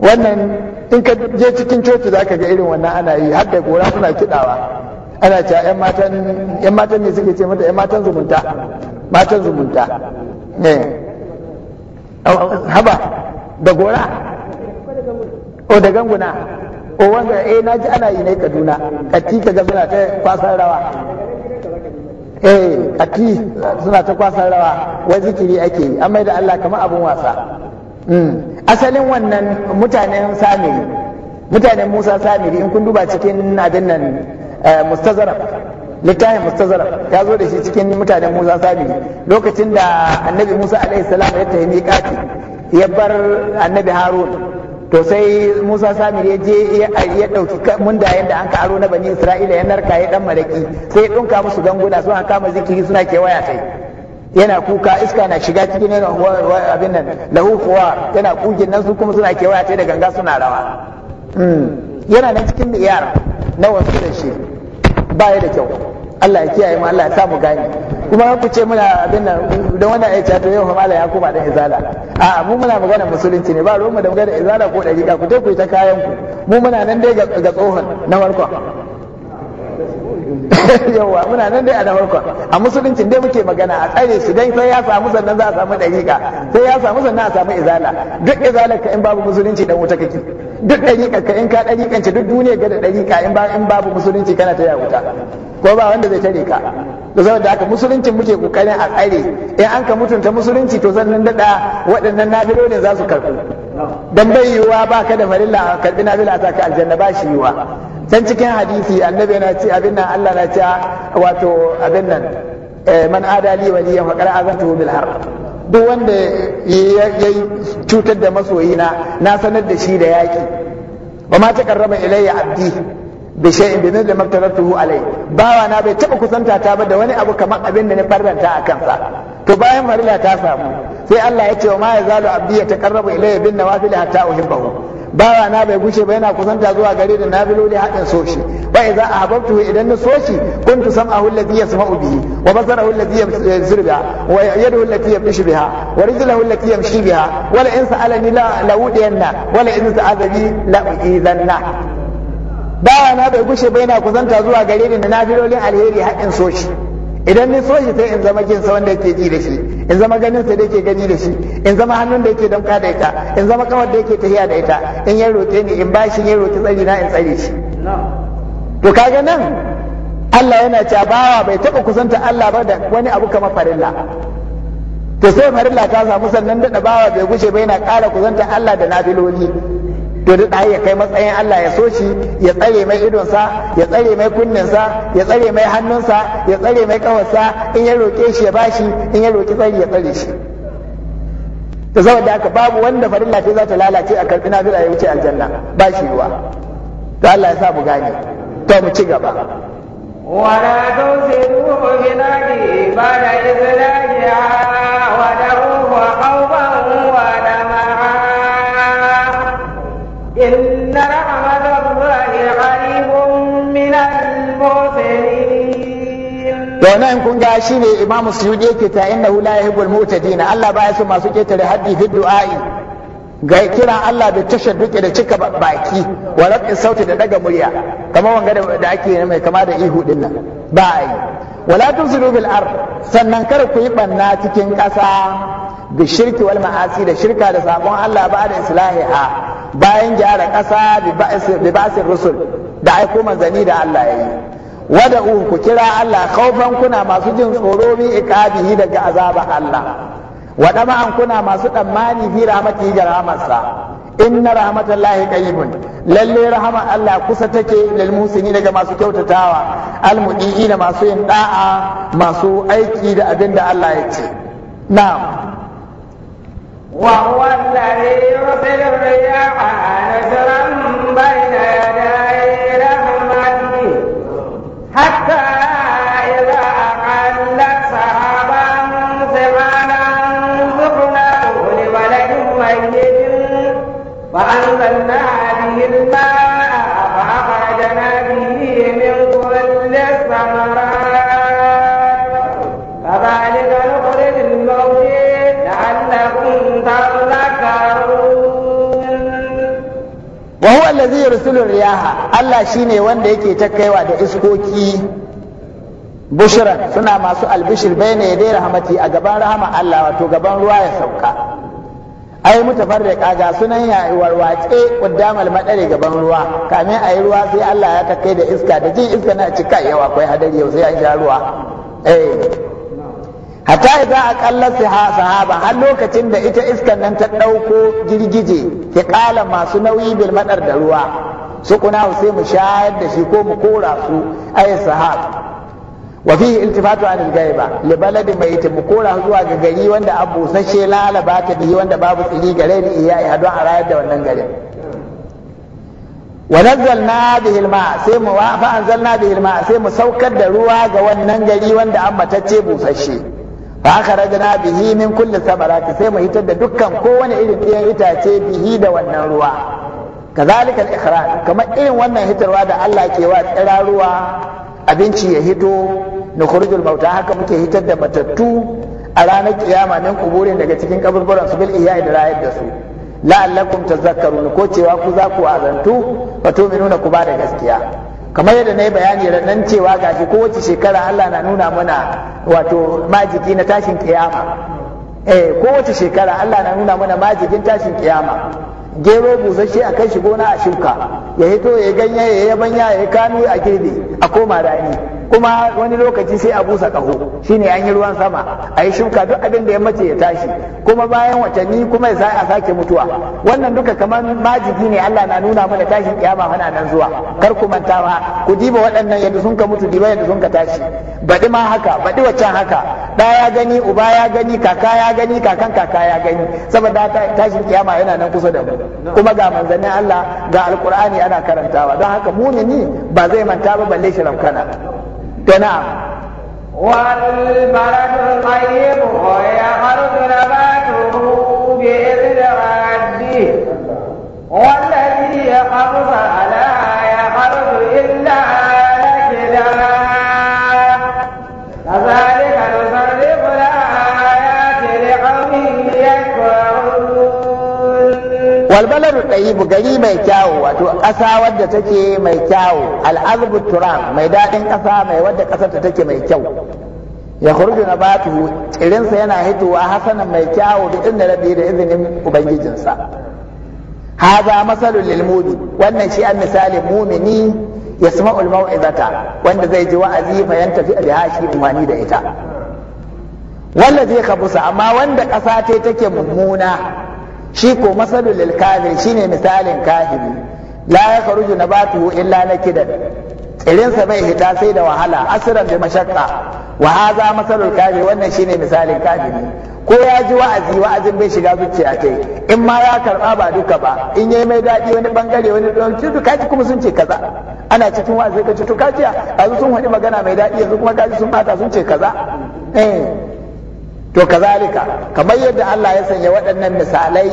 S1: wannan in ka je cikin coci zaka ga irin wannan ana yi har da gora suna kidawa ana cewa yan matan yan matan ne suke ce mata yan matan zumunta matan zumunta ne eh. haba da gora o da ganguna o wanda eh na ji ana yi ne kaduna kati ka ga suna ta kwasan rawa eh kati suna ta kwasan rawa wai zikiri ake yi amma da Allah kamar abun wasa hmm. asalin wannan mutanen samiri mutanen musa samiri in kun duba cikin nadin nan eh, mustazara littafin Mustazara, ya zo da shi cikin mutanen musa samiri lokacin da annabi musa alaihi salam ya tafi miƙati ya bar annabi harun to sai Musa Samir ya je ya dauki da yadda an karo na bani Isra'ila ya narka ya dan maraki sai ya dunka musu ganguna suna kama zikiri suna kewaya kai yana kuka iska na shiga cikin yana abin nan lahu kuwa yana kugin nan su kuma suna kewaya kai da ganga suna rawa
S2: hmm.
S1: yana nan cikin iyar na wasu da shi ba ya da kyau Allah ya kiyaye mu Allah ya sa mu gani kuma ku ce muna abin da don wannan ce to yau hamala ya kuma dan izala a mu muna magana musulunci ne ba ruwan da magana izala ko dariƙa ku ku ta kayan ku mu muna nan dai ga tsohon na warkon (laughs) yawa muna nan dai a da farko a musuluncin dai muke magana a tsare shi dan sai ya samu sannan za a samu dariƙa sai ya samu sannan a samu izala duk izala ka in babu musulunci dan wuta kake duk dariƙa ka in ka dariƙance duk duniya ga da dariƙa in babu musulunci kana ta ya wuta ko ba wanda zai tare ka da da haka musuluncin muke kokarin a tsare in an ka mutunta musulunci to zan dada waɗannan nafilolin za su karɓu dan bai yiwuwa ka da farilla karɓi nafila ta ka aljanna ba shi yiwuwa can cikin hadisi annabi na ce abin nan Allah na ce wato abin nan eh, man adali wa faqad zan bil harb duk wanda ya cutar da masoyina na sanar da shi da yaƙi wa ma taqarraba ilayya abdi bi shay'in bi mithli ma taratuhu alai bawa na bai taba kusanta ta ba da wani abu kamar abin da na faranta a kansa to bayan marila ta samu sai Allah ya ce wa ma yazalu abdi ya ilayya bin nawafil hatta uhibbahu bawa na bai gushe ba yana kusanta zuwa gare da nabiloli haɗin so shi wa idza ahbabtu idan na so shi kuntu sam'ahu alladhi yasma'u bihi wa basarahu alladhi yabsir biha wa yadahu allati yabshu biha wa rijluhu allati yamshi biha wa la in sa'alani la lawdiyanna wa la in sa'adani la u'idanna bawa na bai gushe bai na kusanta zuwa gare ni na nafilolin alheri har soshi, idan ni so sai in zama jinsa wanda yake ji da shi in zama ganin sa da yake gani da shi in zama hannun da yake damka da ita in zama kawar da yake tahiya da ita in ya rote ni in bashi ya rote tsari na in tsare shi to kaga nan Allah yana cewa bawa bai taba kusanta Allah ba da wani abu kamar farilla to sai farilla ta samu sannan da bawa bai gushe bai na ƙara kusanta Allah da nafiloli to da ya kai matsayin Allah ya so shi ya tsare mai idonsa ya tsare mai kunninsa ya tsare mai hannunsa ya tsare mai kawarsa in ya roƙe shi ya bashi in ya roƙe tsari ya tsare shi ta saboda haka babu wanda farin lafi za ta lalace a karbi nafila ya wuce aljanna ba shi wa. ta Allah ya sa mu gane to mu ci gaba
S2: ولا في الأرض بعد ودعوه
S1: da wannan kun ga shine imamu suyudi yake ta innahu la yuhibbul dina? Allah baya so masu ketare haddi fi du'a'i ga kiran Allah da tashadduke da cika baki wa sauti da daga murya kamar wanga da ake mai kama da ihu din Ba'a ba ai wala tusiru bil ar, sannan kar ku yi banna cikin ƙasa bi shirki wal ma'asi da shirka da sabon Allah ba da a bayan gyara ƙasa bi ba'sir rusul da aiko manzani da Allah yayi wada ku kira Allah kaufan kuna masu jin tsoro bi iqabihi daga azaba Allah wada ma'an kuna masu tsammani fi rahmatihi ga rahmatsa inna rahmatallahi qayyibun lalle rahama Allah kusa take lil musini daga masu kyautatawa al da masu yin da'a masu aiki da abinda da Allah ya ce na'am وهو
S2: الذي يرسل الرياح نشرا bayna حتى إذا أقلت سحابا ثقالا سقناه لولد ميت وأنزلنا به الماء
S1: allazi yursilu riyaha Allah shine wanda yake ta kaiwa da iskoki bushran suna masu albishir bayna yadai rahmati a gaban rahama Allah wato gaban ruwa ya sauka ai mutafarriqa ga sunan ya warwace qaddamal madare gaban ruwa kamin ayi ruwa sai Allah ya ta kai da iska da jin iska na cika yawa akwai hadari yau sai an sha ruwa eh hatta a kallon sahaba har lokacin da ita iskan nan ta ɗauko girgije ya kala masu nauyi bil madar da ruwa su kuna sai mu shayar da shi ko mu kora su ay sahab wa fi iltifatu anil ghaiba li baladin mayit mu kora zuwa ga gari wanda abu sashe lalaba ta bihi wanda babu tsiri gare ni iyaye a don a rayar da wannan garin wa nazzalna bihi alma sai mu wa fa anzalna bihi alma sai mu saukar da ruwa ga wannan gari wanda ambatacce busashe fa akhrajna bihi min kulli samarati sai mu hitar da dukkan kowane irin ɗayan itace bihi da wannan ruwa kazalika al-ikhraj kamar irin wannan hitarwa da Allah ke wa tsira ruwa abinci ya hito na bauta haka muke hitar da matattu a ranar kiyama nan kuburin daga cikin kaburburan su bil iya da rayar da su la'allakum tazakkarun ko cewa ku za ku azantu fa tu'minuna ku ba da gaskiya kamar yadda na yi bayani nan cewa gashi kowace shekara Allah na nuna mana wato majiki na tashin kiyama eh kowace shekara Allah na nuna mana majikin tashin kiyama gero busasshe a kai shi gona a shuka ya hito ya ganye ya yabanya ya kanu a girbi a koma rani kuma wani lokaci sai a busa ƙaho shine an yi ruwan sama a yi shuka duk abin da ya mace ya tashi kuma bayan watanni kuma ya a sake mutuwa wannan duka kamar majigi ne Allah na nuna mana tashin kiyama muna nan zuwa kar ku ba ku diba waɗannan yadda sun ka mutu diba yadda sun ka tashi baɗi ma haka baɗi waccan haka ɗa ya gani uba ya gani kaka ya gani kakan kaka ya gani saboda tashin kiyama yana nan kusa da mu kuma ga manzannin Allah ga alkur'ani ana karantawa don haka mumini ba zai manta ba balle shi ramkana نعم
S2: والبلد الطيب ويخرج نباته بإذن ربه والذي خبث
S1: walbaladu ɗayibu gari mai kyawu wato ƙasa wadda take mai kyawu al'azbu turam mai daɗin ƙasa mai wadda kasar ta take mai kyau ya na batu tsirinsa yana hitowa hasanan mai kyawu da inda rabi da izinin ubangijinsa haza masalul lil wannan shi an misalin mumini yasma'ul mau'izata wanda zai ji wa'azi fa yantafi biha shi umani da ita wanda zai kabusa amma wanda ƙasa take mummuna shi ko masalul lil kafir shine misalin kafiri la yakhruju nabatuhu illa nakidan sa bai hita sai da wahala asran da mashaqqa wa hadha masalul kafir wannan shine misalin kafiri ko ya ji wa'azi wa'azin bai shiga zuciya kai in ma ya karba ba duka ba in yayi mai dadi wani bangare wani dauki to kaji kuma sun ce kaza ana cikin wa'azi ka ce to kaji a sun hadi magana mai dadi yanzu kuma kaji sun bata sun ce kaza eh to kazalika kamar yadda Allah ya sanya waɗannan misalai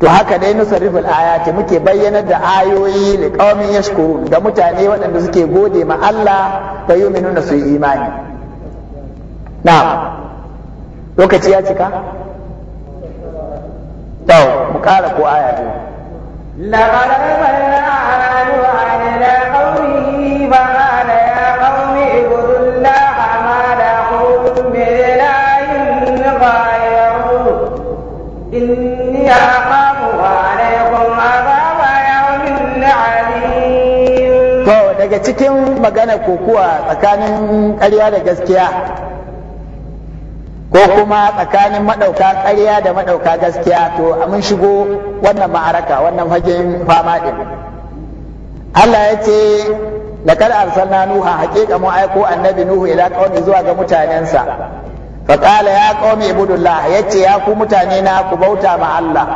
S1: to haka dai al ayati muke bayyanar da ayoyi li qaumin yashkurun da mutane waɗanda suke gode ma Allah fa yu'minuna su imani na'am lokaci ya cika to mu kara ko aya ta laqad bayyana
S2: ala qaumihi fa
S1: daga cikin magana kokuwa tsakanin ƙarya da gaskiya ko kuma tsakanin maɗauka ƙarya da maɗauka gaskiya to mun shigo wannan ma'araka wannan fagen fama ɗin Allah ya ce laƙar arsalna nuha haƙiƙa mu aiko annabi nuhu ila ƙauni zuwa ga mutanensa faƙala ya ƙauni ibudullah ya ce ya ku mutane na ku bauta ma Allah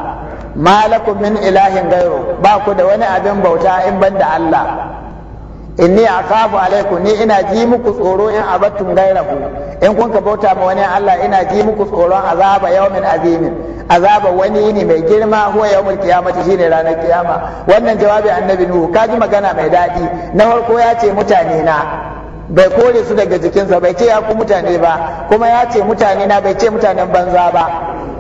S1: malakum min ilahin gairo ba ku da wani abin bauta in banda Allah inni kafu alaikum ni ina ji muku tsoro in gaira ku. in kun ka bauta ma wani Allah ina ji muku tsoron azaba yawmin azimin azaba wani ne mai girma huwa yawmul kiyamati shine ranar kiyama wannan jawabi annabi nuhu kaji magana mai dadi na farko ya ce mutane na bai kore su daga jikinsa bai ce ya ku mutane ba kuma ya ce mutane na bai ce mutanen banza ba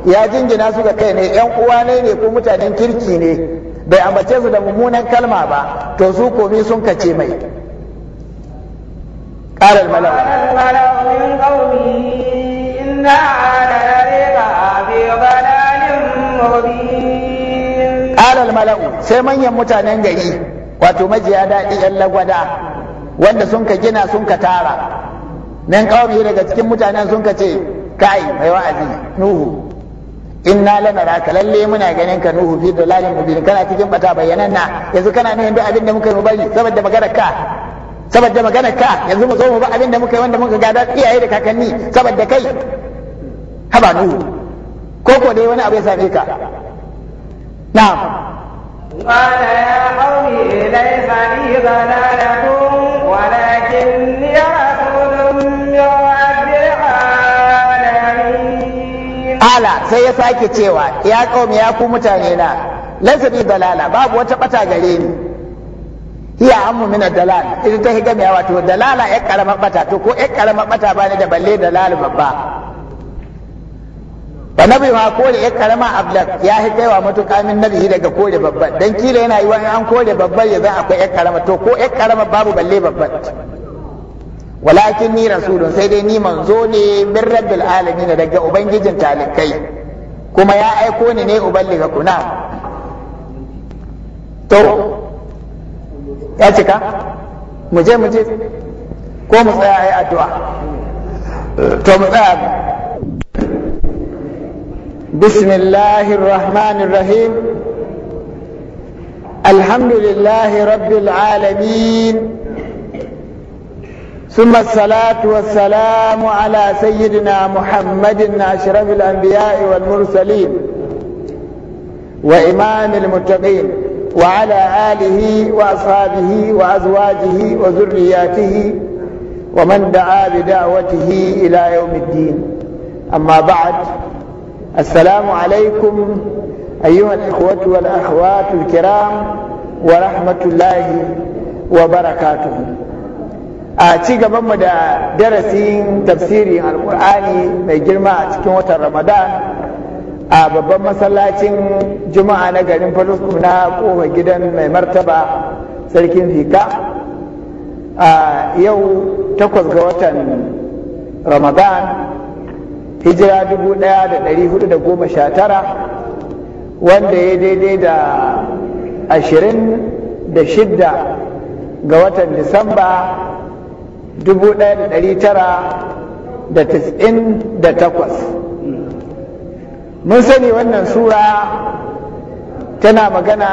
S1: ya jingina su ga kai ne yan uwa ne ne ko mutanen kirki ne bai ambace su da mummunan kalma ba to su komi sun kace mai Ƙarar malam من قومه sai manyan mutanen gari wato majiya daɗi ‘yan lagwada wanda sun ka gina sun ka tara nan kawai daga cikin mutanen sun ka ce kai mai wa'azi nuhu inna lanaraka lalle muna ganin ka nuhu fi dalalin mubin kana cikin bata na yanzu kana nuna duk abin da muka yi mu bari saboda maganar ka saboda maganar ka yanzu mu zo mu ba abin da muka yi wanda muka gada iyaye da kakanni saboda kai haba nuhu ko ko dai wani abu ya same ka na'am
S2: قال يا قوم ليس لي ضلالة ولكن
S1: sai ya sake cewa ya qaumi ya ku mutane na laysa bi dalala babu wata bata gare ni hiya ammu min dalal idan ta higa miya wato dalala ya karamar bata to ko ya karamar bata ba ne da balle dalal babba fa nabi ma kore ya karama ablak ya higa wa mutuka min nabi daga kore babban dan kila yana yi wani an kore babban ya za akwai ya karama to ko ya karama babu balle babban walakin ni rasulun sai dai ni manzo ne min rabbil alamin daga ubangijin talikai kuma ya aiko ni ne uballiga na? to ya cika mu je mu je ko mu tsaya ayi addu'a to mu tsaya bismillahir rahmanir rahim alhamdulillahi rabbil alamin ثم الصلاة والسلام على سيدنا محمد أشرف الأنبياء والمرسلين وإمام المتقين وعلى آله وأصحابه وأزواجه وذرياته ومن دعا بدعوته إلى يوم الدين أما بعد السلام عليكم أيها الإخوة والأخوات الكرام ورحمة الله وبركاته a ci gabanmu da darasin tafsirin alkur'ani mai girma a cikin watan ramadan a babban masallacin juma'a na garin falusku na kofa gidan mai martaba sarkin fika a yau takwas ga watan ramadan hijira 1419 wanda ya daidai da da shidda ga watan disamba 1998 mun sani wannan sura tana magana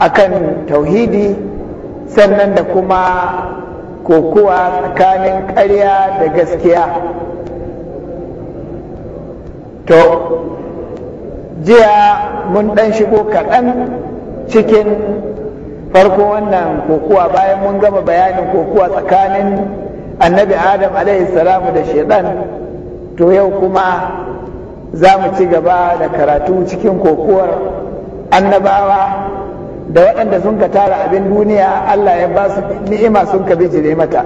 S1: akan tauhidi sannan da kuma kokuwa tsakanin ƙarya da gaskiya to jiya mun ɗan shigo kaɗan cikin farko wannan kokuwa bayan mun gama bayanin kokuwa tsakanin annabi adam salamu da shaidan to yau kuma za mu ci gaba da karatu cikin kokuwar annabawa da waɗanda sun ka tara abin duniya allah ya ba su ni'ima sun ka bijire mata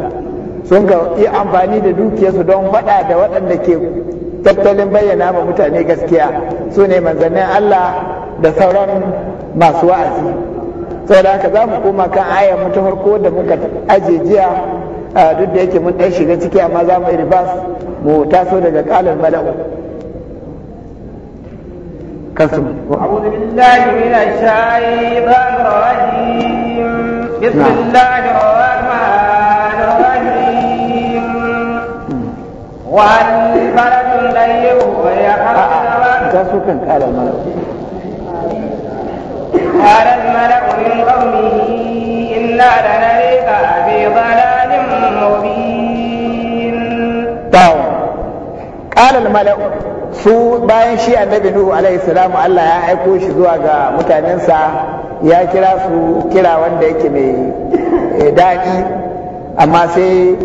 S1: sun ka yi amfani da dukiyarsu don faɗa da waɗanda ke tattalin bayyana ma mutane gaskiya su ne manzannin allah da sauran masu wa'azi saboda haka za mu koma kan aya mu ta farko da muka aje jiya duk da yake mun ɗan shiga ciki amma za mu yi ribas mu taso daga kalar mala'u كلتم
S2: قال الملأ من قومه إنا لنريك في ضلال
S1: مبين قال الملأ su bayan shi annabi nuhu alaihi salamu Allah ya aiko shi zuwa ga mutanensa ya kira su kira wanda yake mai daɗi amma sai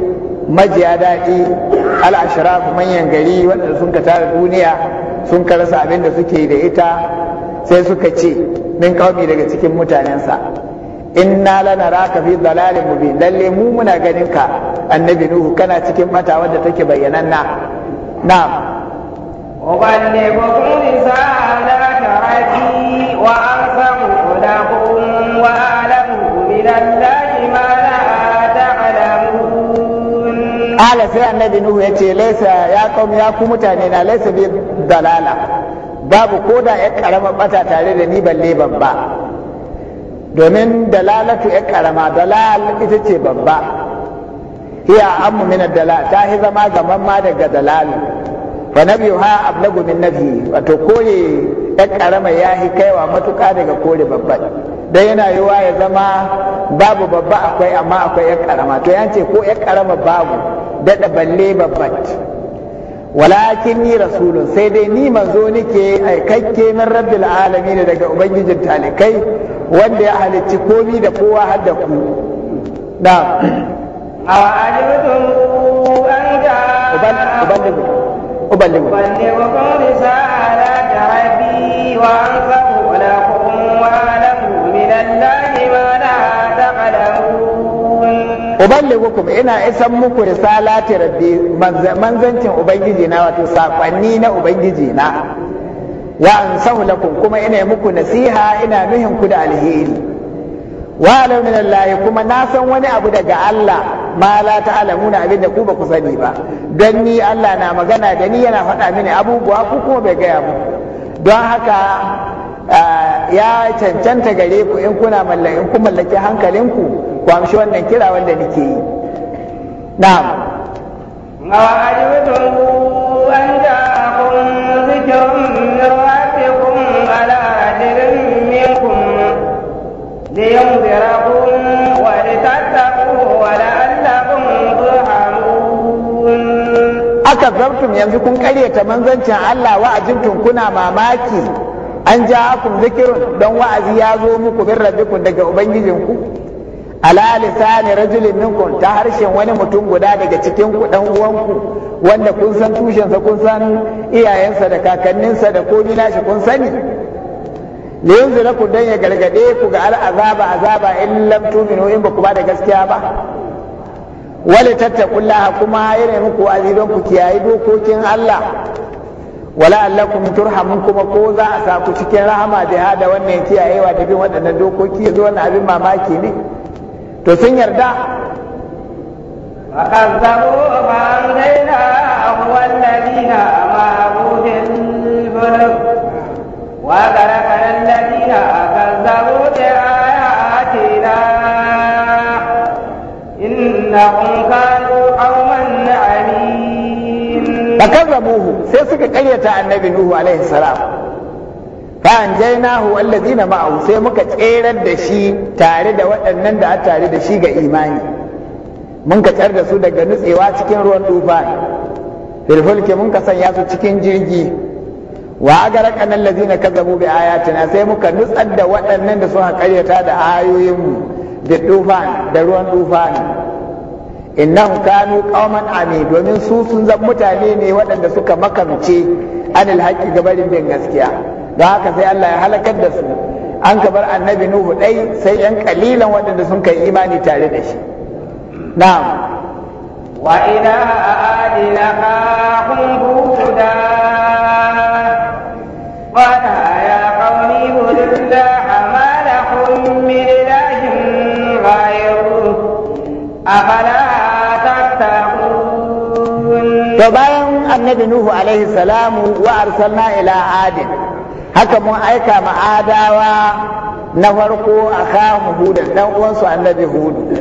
S1: majiya daɗi al'ashirafu manyan gari waɗanda sun ka tara duniya sun ka rasa abin da suke da ita sai suka ce min qaumi daga cikin mutanensa inna lanaraka fi dalalin mubin lalle mu muna ganin ka annabi nuhu kana cikin mata wadda take bayyananna na'am uballighukum
S2: risalata rabbi wa ansamu lakum wa alamu min allahi ma la ta'lamun
S1: ala sai annabi nuhu yace laisa ya qaum ya ku mutane na laisa bi dalala babu ko da ya karama bata tare da ni balle babba domin dalalatu ya karama dalal ita ce babba hiya ammu min dalal ta hi zama gaman ma daga dalal fa ha ablagu min nabi wato kore ya karama ya hi kaiwa matuka daga kore babba dan yana yiwa ya zama babu babba akwai amma akwai ya karama to yace ko ya karama babu dada balle babba walakin yi rasulun sai dai ni manzo nike aikakke min rabbil alamin daga ubangijin talikai wanda ya halicci komi da kowa har da ku da a
S2: ajibtum an ta uban uballigu uballigu uballigu risalata rabbi wa
S1: uballigukum ina isan muku risalati rabbi manzancin ubangiji na wato sakonni na ubangiji na wa ansahu lakum kuma ina muku nasiha ina nuhin ku da alheri wa alam min allahi kuma na san wani abu daga Allah ma la ta'lamuna abin da ku ba ku sani ba dan ni Allah na magana da ni yana faɗa mini abubuwa ku kuma bai gaya mu. don haka ah, ya cancanta gare ku in kuna mallaki hankalinku ku wannan kira wanda nake yi na'am aka zartum yanzu kun karyata manzancin Allah wa ajibtum kuna mamaki an ja ja'akum zikirun don wa'azi ya zo muku bin rabbikum daga ubangijinku ala lisani rajulin minkum ta harshen wani mutum guda daga cikin ku dan uwanku wanda kun san tushensa kun san iyayensa da kakanninsa da komai shi kun sani ne yanzu ku dan ya gargade ku ga al'azaba azaba in lam tuminu in baku ba da gaskiya ba wala tattaqullaha kuma yana muku azidan ku kiyaye dokokin Allah wala allakum turhamun kuma ko za a sa cikin rahama da da wannan kiyayewa da bin waɗannan dokoki yanzu wannan abin mamaki ne to sun yarda فكذبوا
S2: فأنجيناه والذين معه في الفلك وغرقنا الذين كذبوا بآياتنا إنهم كانوا قوما عمين
S1: فكذبوه سيسك قرية النبي نوح عليه السلام fa anjaynahu alladhina ma'ahu sai muka tserar da shi tare da waɗannan da a tare da shi ga imani mun ka tsar da su daga nutsewa cikin ruwan tufa fil fulki mun ka sanya su cikin jirgi wa agara kanan ladina kazzabu bi ayatina sai muka nutsar da waɗannan da suka karyata da ayoyinmu da tufan da ruwan tufani innahum kanu qauman ami domin su sun zama mutane ne waɗanda suka makamce anil ga barin bin gaskiya don haka sai Allah ya halakar da su an ka bar annabi nuhu ɗai sai yan kalilan waɗanda sun kai imani tare da shi na'am
S2: wa ila adina kun huda wa ta ya qaumi hudulla amalakum min ilahin ghayru afala tattaqun
S1: to bayan annabi nuhu alaihi salamu wa arsalna ila adin haka mun aika ma'adawa na farko a kawo hudan ɗan uwansu annabi hudu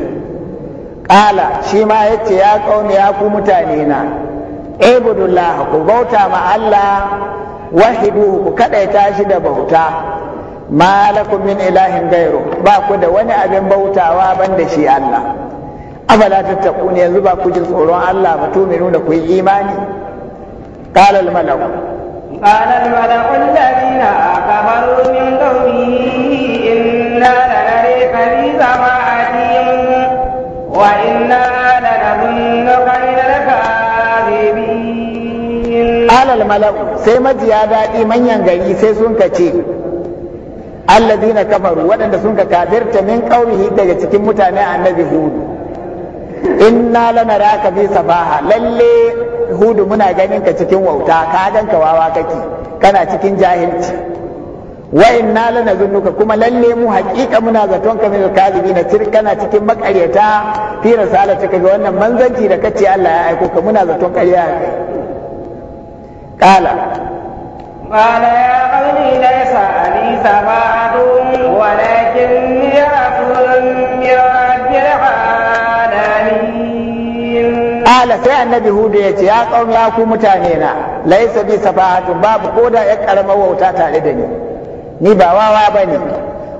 S1: ƙala shi ma yace ya ƙauni ya ku mutane na ibudullah ku bauta ma Allah wahidu ku kaɗai tashi da bauta malakum min ilahin gairu ba ku da wani abin bautawa ban da shi Allah afala tattaqun yanzu ba ku ji tsoron Allah ba to nuna ku yi imani qala al
S2: Kalal Malam Al-Dabiya kamar domin ƙauye, ina da dare
S1: sai maziya zaɓi manyan gari sai sun kace, Allahdina kamar waɗanda sun kabarta min ƙauri daga cikin mutane a nabin duniya. inna lanaraka fi safaha lalle hudu muna ganin ka cikin wauta ka ganka wawa kake kana cikin jahilci wa inna lanazunnuka kuma lalle mu haƙiƙa muna zaton ka mai kalibi na tir kana cikin makaryata fi Ka ga wannan manzanci da kace Allah ya aiko ka muna zaton ƙarya kai
S2: قال يا قوم ليس لي سبعة ولكن
S1: kala sai annabi hudu ya ce ya kaum ya ku mutane na laisa bi safahatun babu da ya karamar wauta tare da ni ni ba wawa bane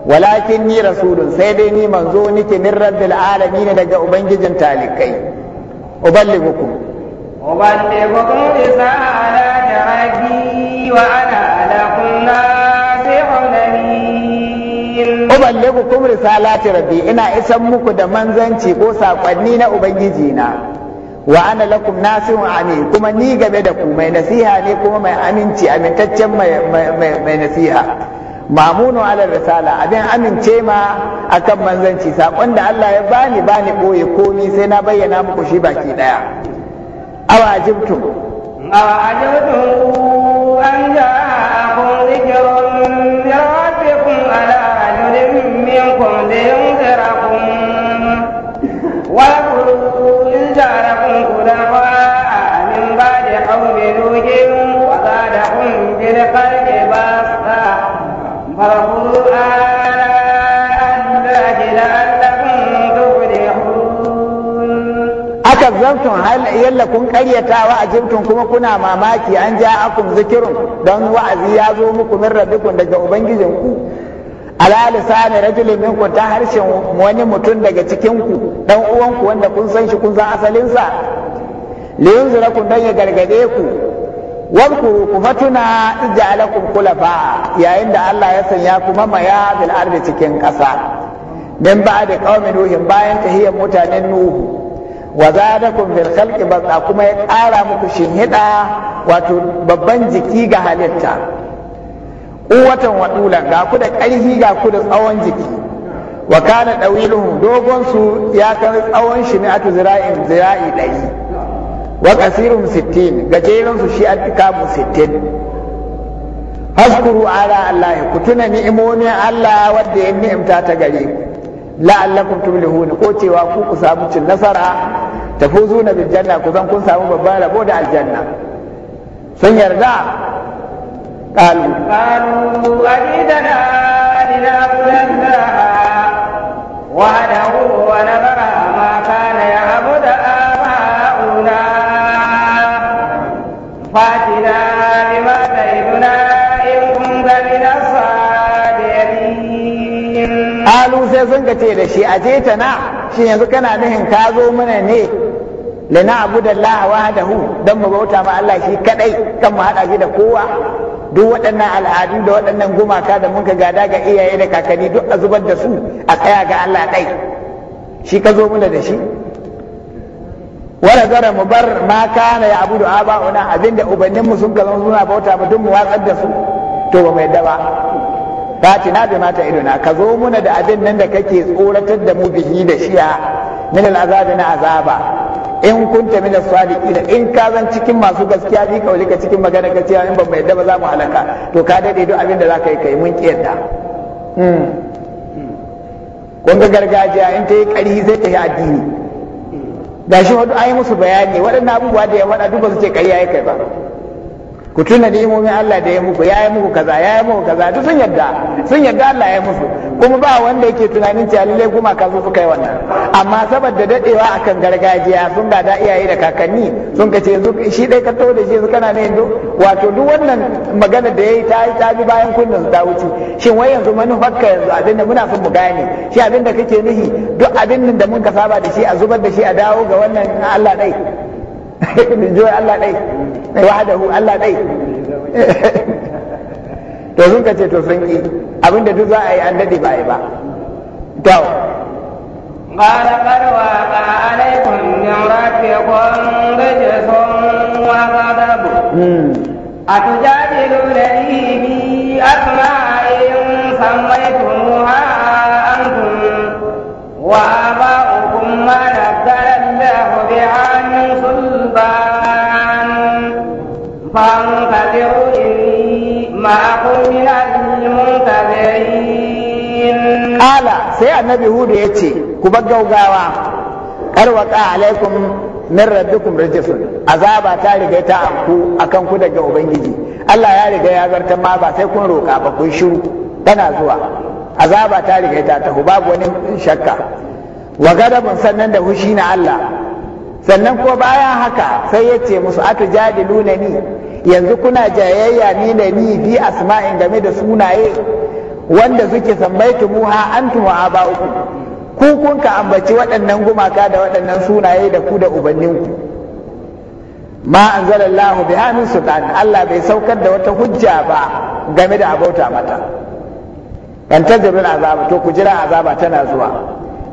S1: walakin ni rasulun sai dai ni manzo nike min rabbil alamin daga ubangijin talikai uballigukum
S2: uballigukum ala
S1: wa ana risalati rabbi ina isan muku da manzanci ko sakonni na ubangiji na wa ana lakum nasihun amin kuma ni game da ku mai nasiha ne kuma mai aminci amintaccen mai nasiha mamuno ala risala abin amince ma akan manzanci sakon da Allah ya bani bani boye komi sai na bayyana muku shi baki daya awajibtu awajibtu an ja'akum
S2: Akwai baje aure dokin kusa da hankali da basa, farauta na zaki da Allah ni
S1: kun. Aka yalla kun karyata wa a jirtun kuma kuna mamaki an ja a kun zikirin, don wa'azi ya zo muku min rabikun daga ubangijinku. ala lisani rajulin minkum ta harshen wani mutum daga cikin ku dan uwanku wanda kun san shi kun san asalin sa li yunzirakum dan ya gargade ku wadkuru ku fatuna ij'alakum khulafa yayin da Allah ya sanya ku mamaya bil ardi cikin ƙasa min da qaumi nuhin bayan tahiyar mutanen nuhu wa zadakum bil khalqi ba kuma ya ƙara muku hida wato babban jiki ga halitta quwwatan wa ga ku da ƙarfi ga ku da tsawon jiki wa kana dawiluhu dogon su ya kan tsawon shi ne atu zira'in zira'i ɗari wa qasirun 60 gajeren su shi atikamu 60 haskuru ala ku tuna ni'imomin Allah wadda ya ni'imta ta gare ku la'allakum ko cewa ku ku samu cin nasara tafuzuna bil janna ku zan kun samu babban rabo da aljanna sun yarda قالوا
S2: قالوا أجدنا إلى بلندها وحده ونبر ما كان يعبد آباؤنا فاتنا بما تعدنا إن كنت من الصادقين
S1: قالوا سيزنك تيرشي أتيتنا شيء يزكنا نهن كازو من نيه lana abu da Allah wahdahu dan mu bauta ma Allah shi kadai kan mu hada shi da kowa duk waɗannan al'adu da waɗannan gumaka da muka gada ga iyaye da kakanni duk a zubar da su a tsaya ga Allah ɗai shi ka zo muna da shi wala zara mu bar ma kana ya abudu aba'una abinda ubannin mu sun ka zama suna bauta ba duk mu watsar da su to ba mai daba na bi mata idona ka zo muna da abin nan da kake tsoratar da mu bihi da shiya min al'azabi na azaba in kun ta mina as-sadiqina in ka zan cikin masu gaskiya ni wuli ka cikin magana ka cewa in ban mai da ba za mu halaka to ka dade duk abin da zaka yi kai mun ki yadda hmm. kun ga gargajiya in ta yi ƙarhi zai ta yi addini gashi shi an yi musu bayani waɗannan abubuwa da ya waɗa duk ba su ce ƙarya ya kai ba ku tuna ni'imomin Allah da ya muku ya yi muku kaza ya yi muku kaza duk sun yadda sun yadda Allah ya musu kuma ba wanda yake tunanin cewa lalle kuma ka suka yi wannan amma saboda dadewa akan gargajiya sun ga da iyaye da kakanni sun kace yanzu shi dai ka tawo da shi yanzu kana ne yanzu wato duk wannan magana da yayi ta ta bi bayan kunnan ta wuce shin wai yanzu manufarka yanzu abin da muna son mu gane shi abinda kake nuhi duk abin da mun ka saba da shi a zubar da shi a dawo ga wannan Allah dai min joy Allah dai wahdahu Allah dai to sun kace to sun abinda duk za a yi an dade ba yi ba to
S2: قال قد وقع عليكم من ربكم رجس وغضب أتجادلونني في سميتموها أنتم وآباؤكم
S1: sai Annabi Hudu ya ce ku هود يتي كبقوا قاوا أروق عليكم min rabbikum rijsun azaba ta riga ta a kan ku daga ubangiji Allah ya riga ya zartar ma ba sai kun roƙa ba kun shiru tana zuwa azaba ta riga ta tafi babu wani shakka wa gadabun sannan da hushi na Allah sannan ko bayan haka sai ya ce musu ni yanzu kuna jayayya ni da ni bi asma'in game da sunaye wanda suke sambaitu muha antum wa aba'ukum ku kun ka ambaci waɗannan gumaka da waɗannan sunaye da ku da ubanninku ma anzalallahu biha min sultan Allah bai saukar da wata hujja ba game da abauta mata dan tajabin azaba to ku jira azaba tana zuwa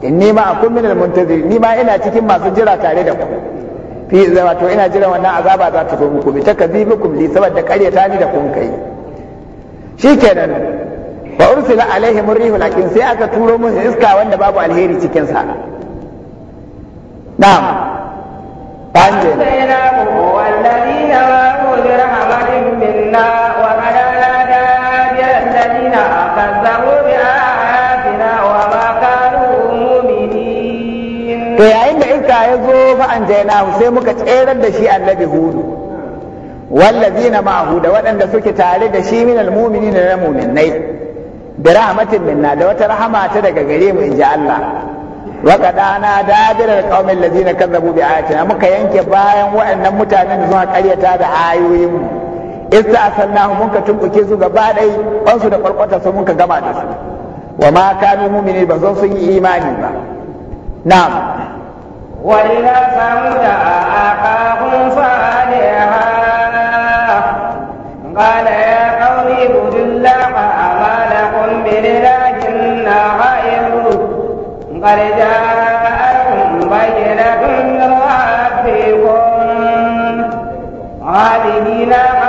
S1: inni ma akun minal muntazir ni ma ina cikin masu jira tare da ku fi ina jiran wannan azaba za ta zo muku bi takzibukum li saboda karyata ni da kun kai shikenan wa ursila alaihim rihu lakin sai aka turo musu iska wanda babu alheri cikin sa na'am Allah ya zo fa an jaina sai muka tserar da shi annabi hudu wallazina ma'ahu da waɗanda suke tare da shi minal da na muminai, da rahmatin minna da wata rahama ta daga gare mu inji Allah wa qadana dabira alqaumin allazina kazzabu bi ayatina muka yanke bayan waɗannan mutanen da suka karyata da ayoyin mu ista'salnahu munka tumbuke su gaba dai wansu da kwalkwata su munka gama da su wa ma kanu mu'minin ba zan sun yi imani ba na'am
S2: وإلى ثمود أخاهم صالحا قال يا قوم اعبدوا الله أما لكم من إله غيره قد جاءكم بينة من ربكم هذه نعمة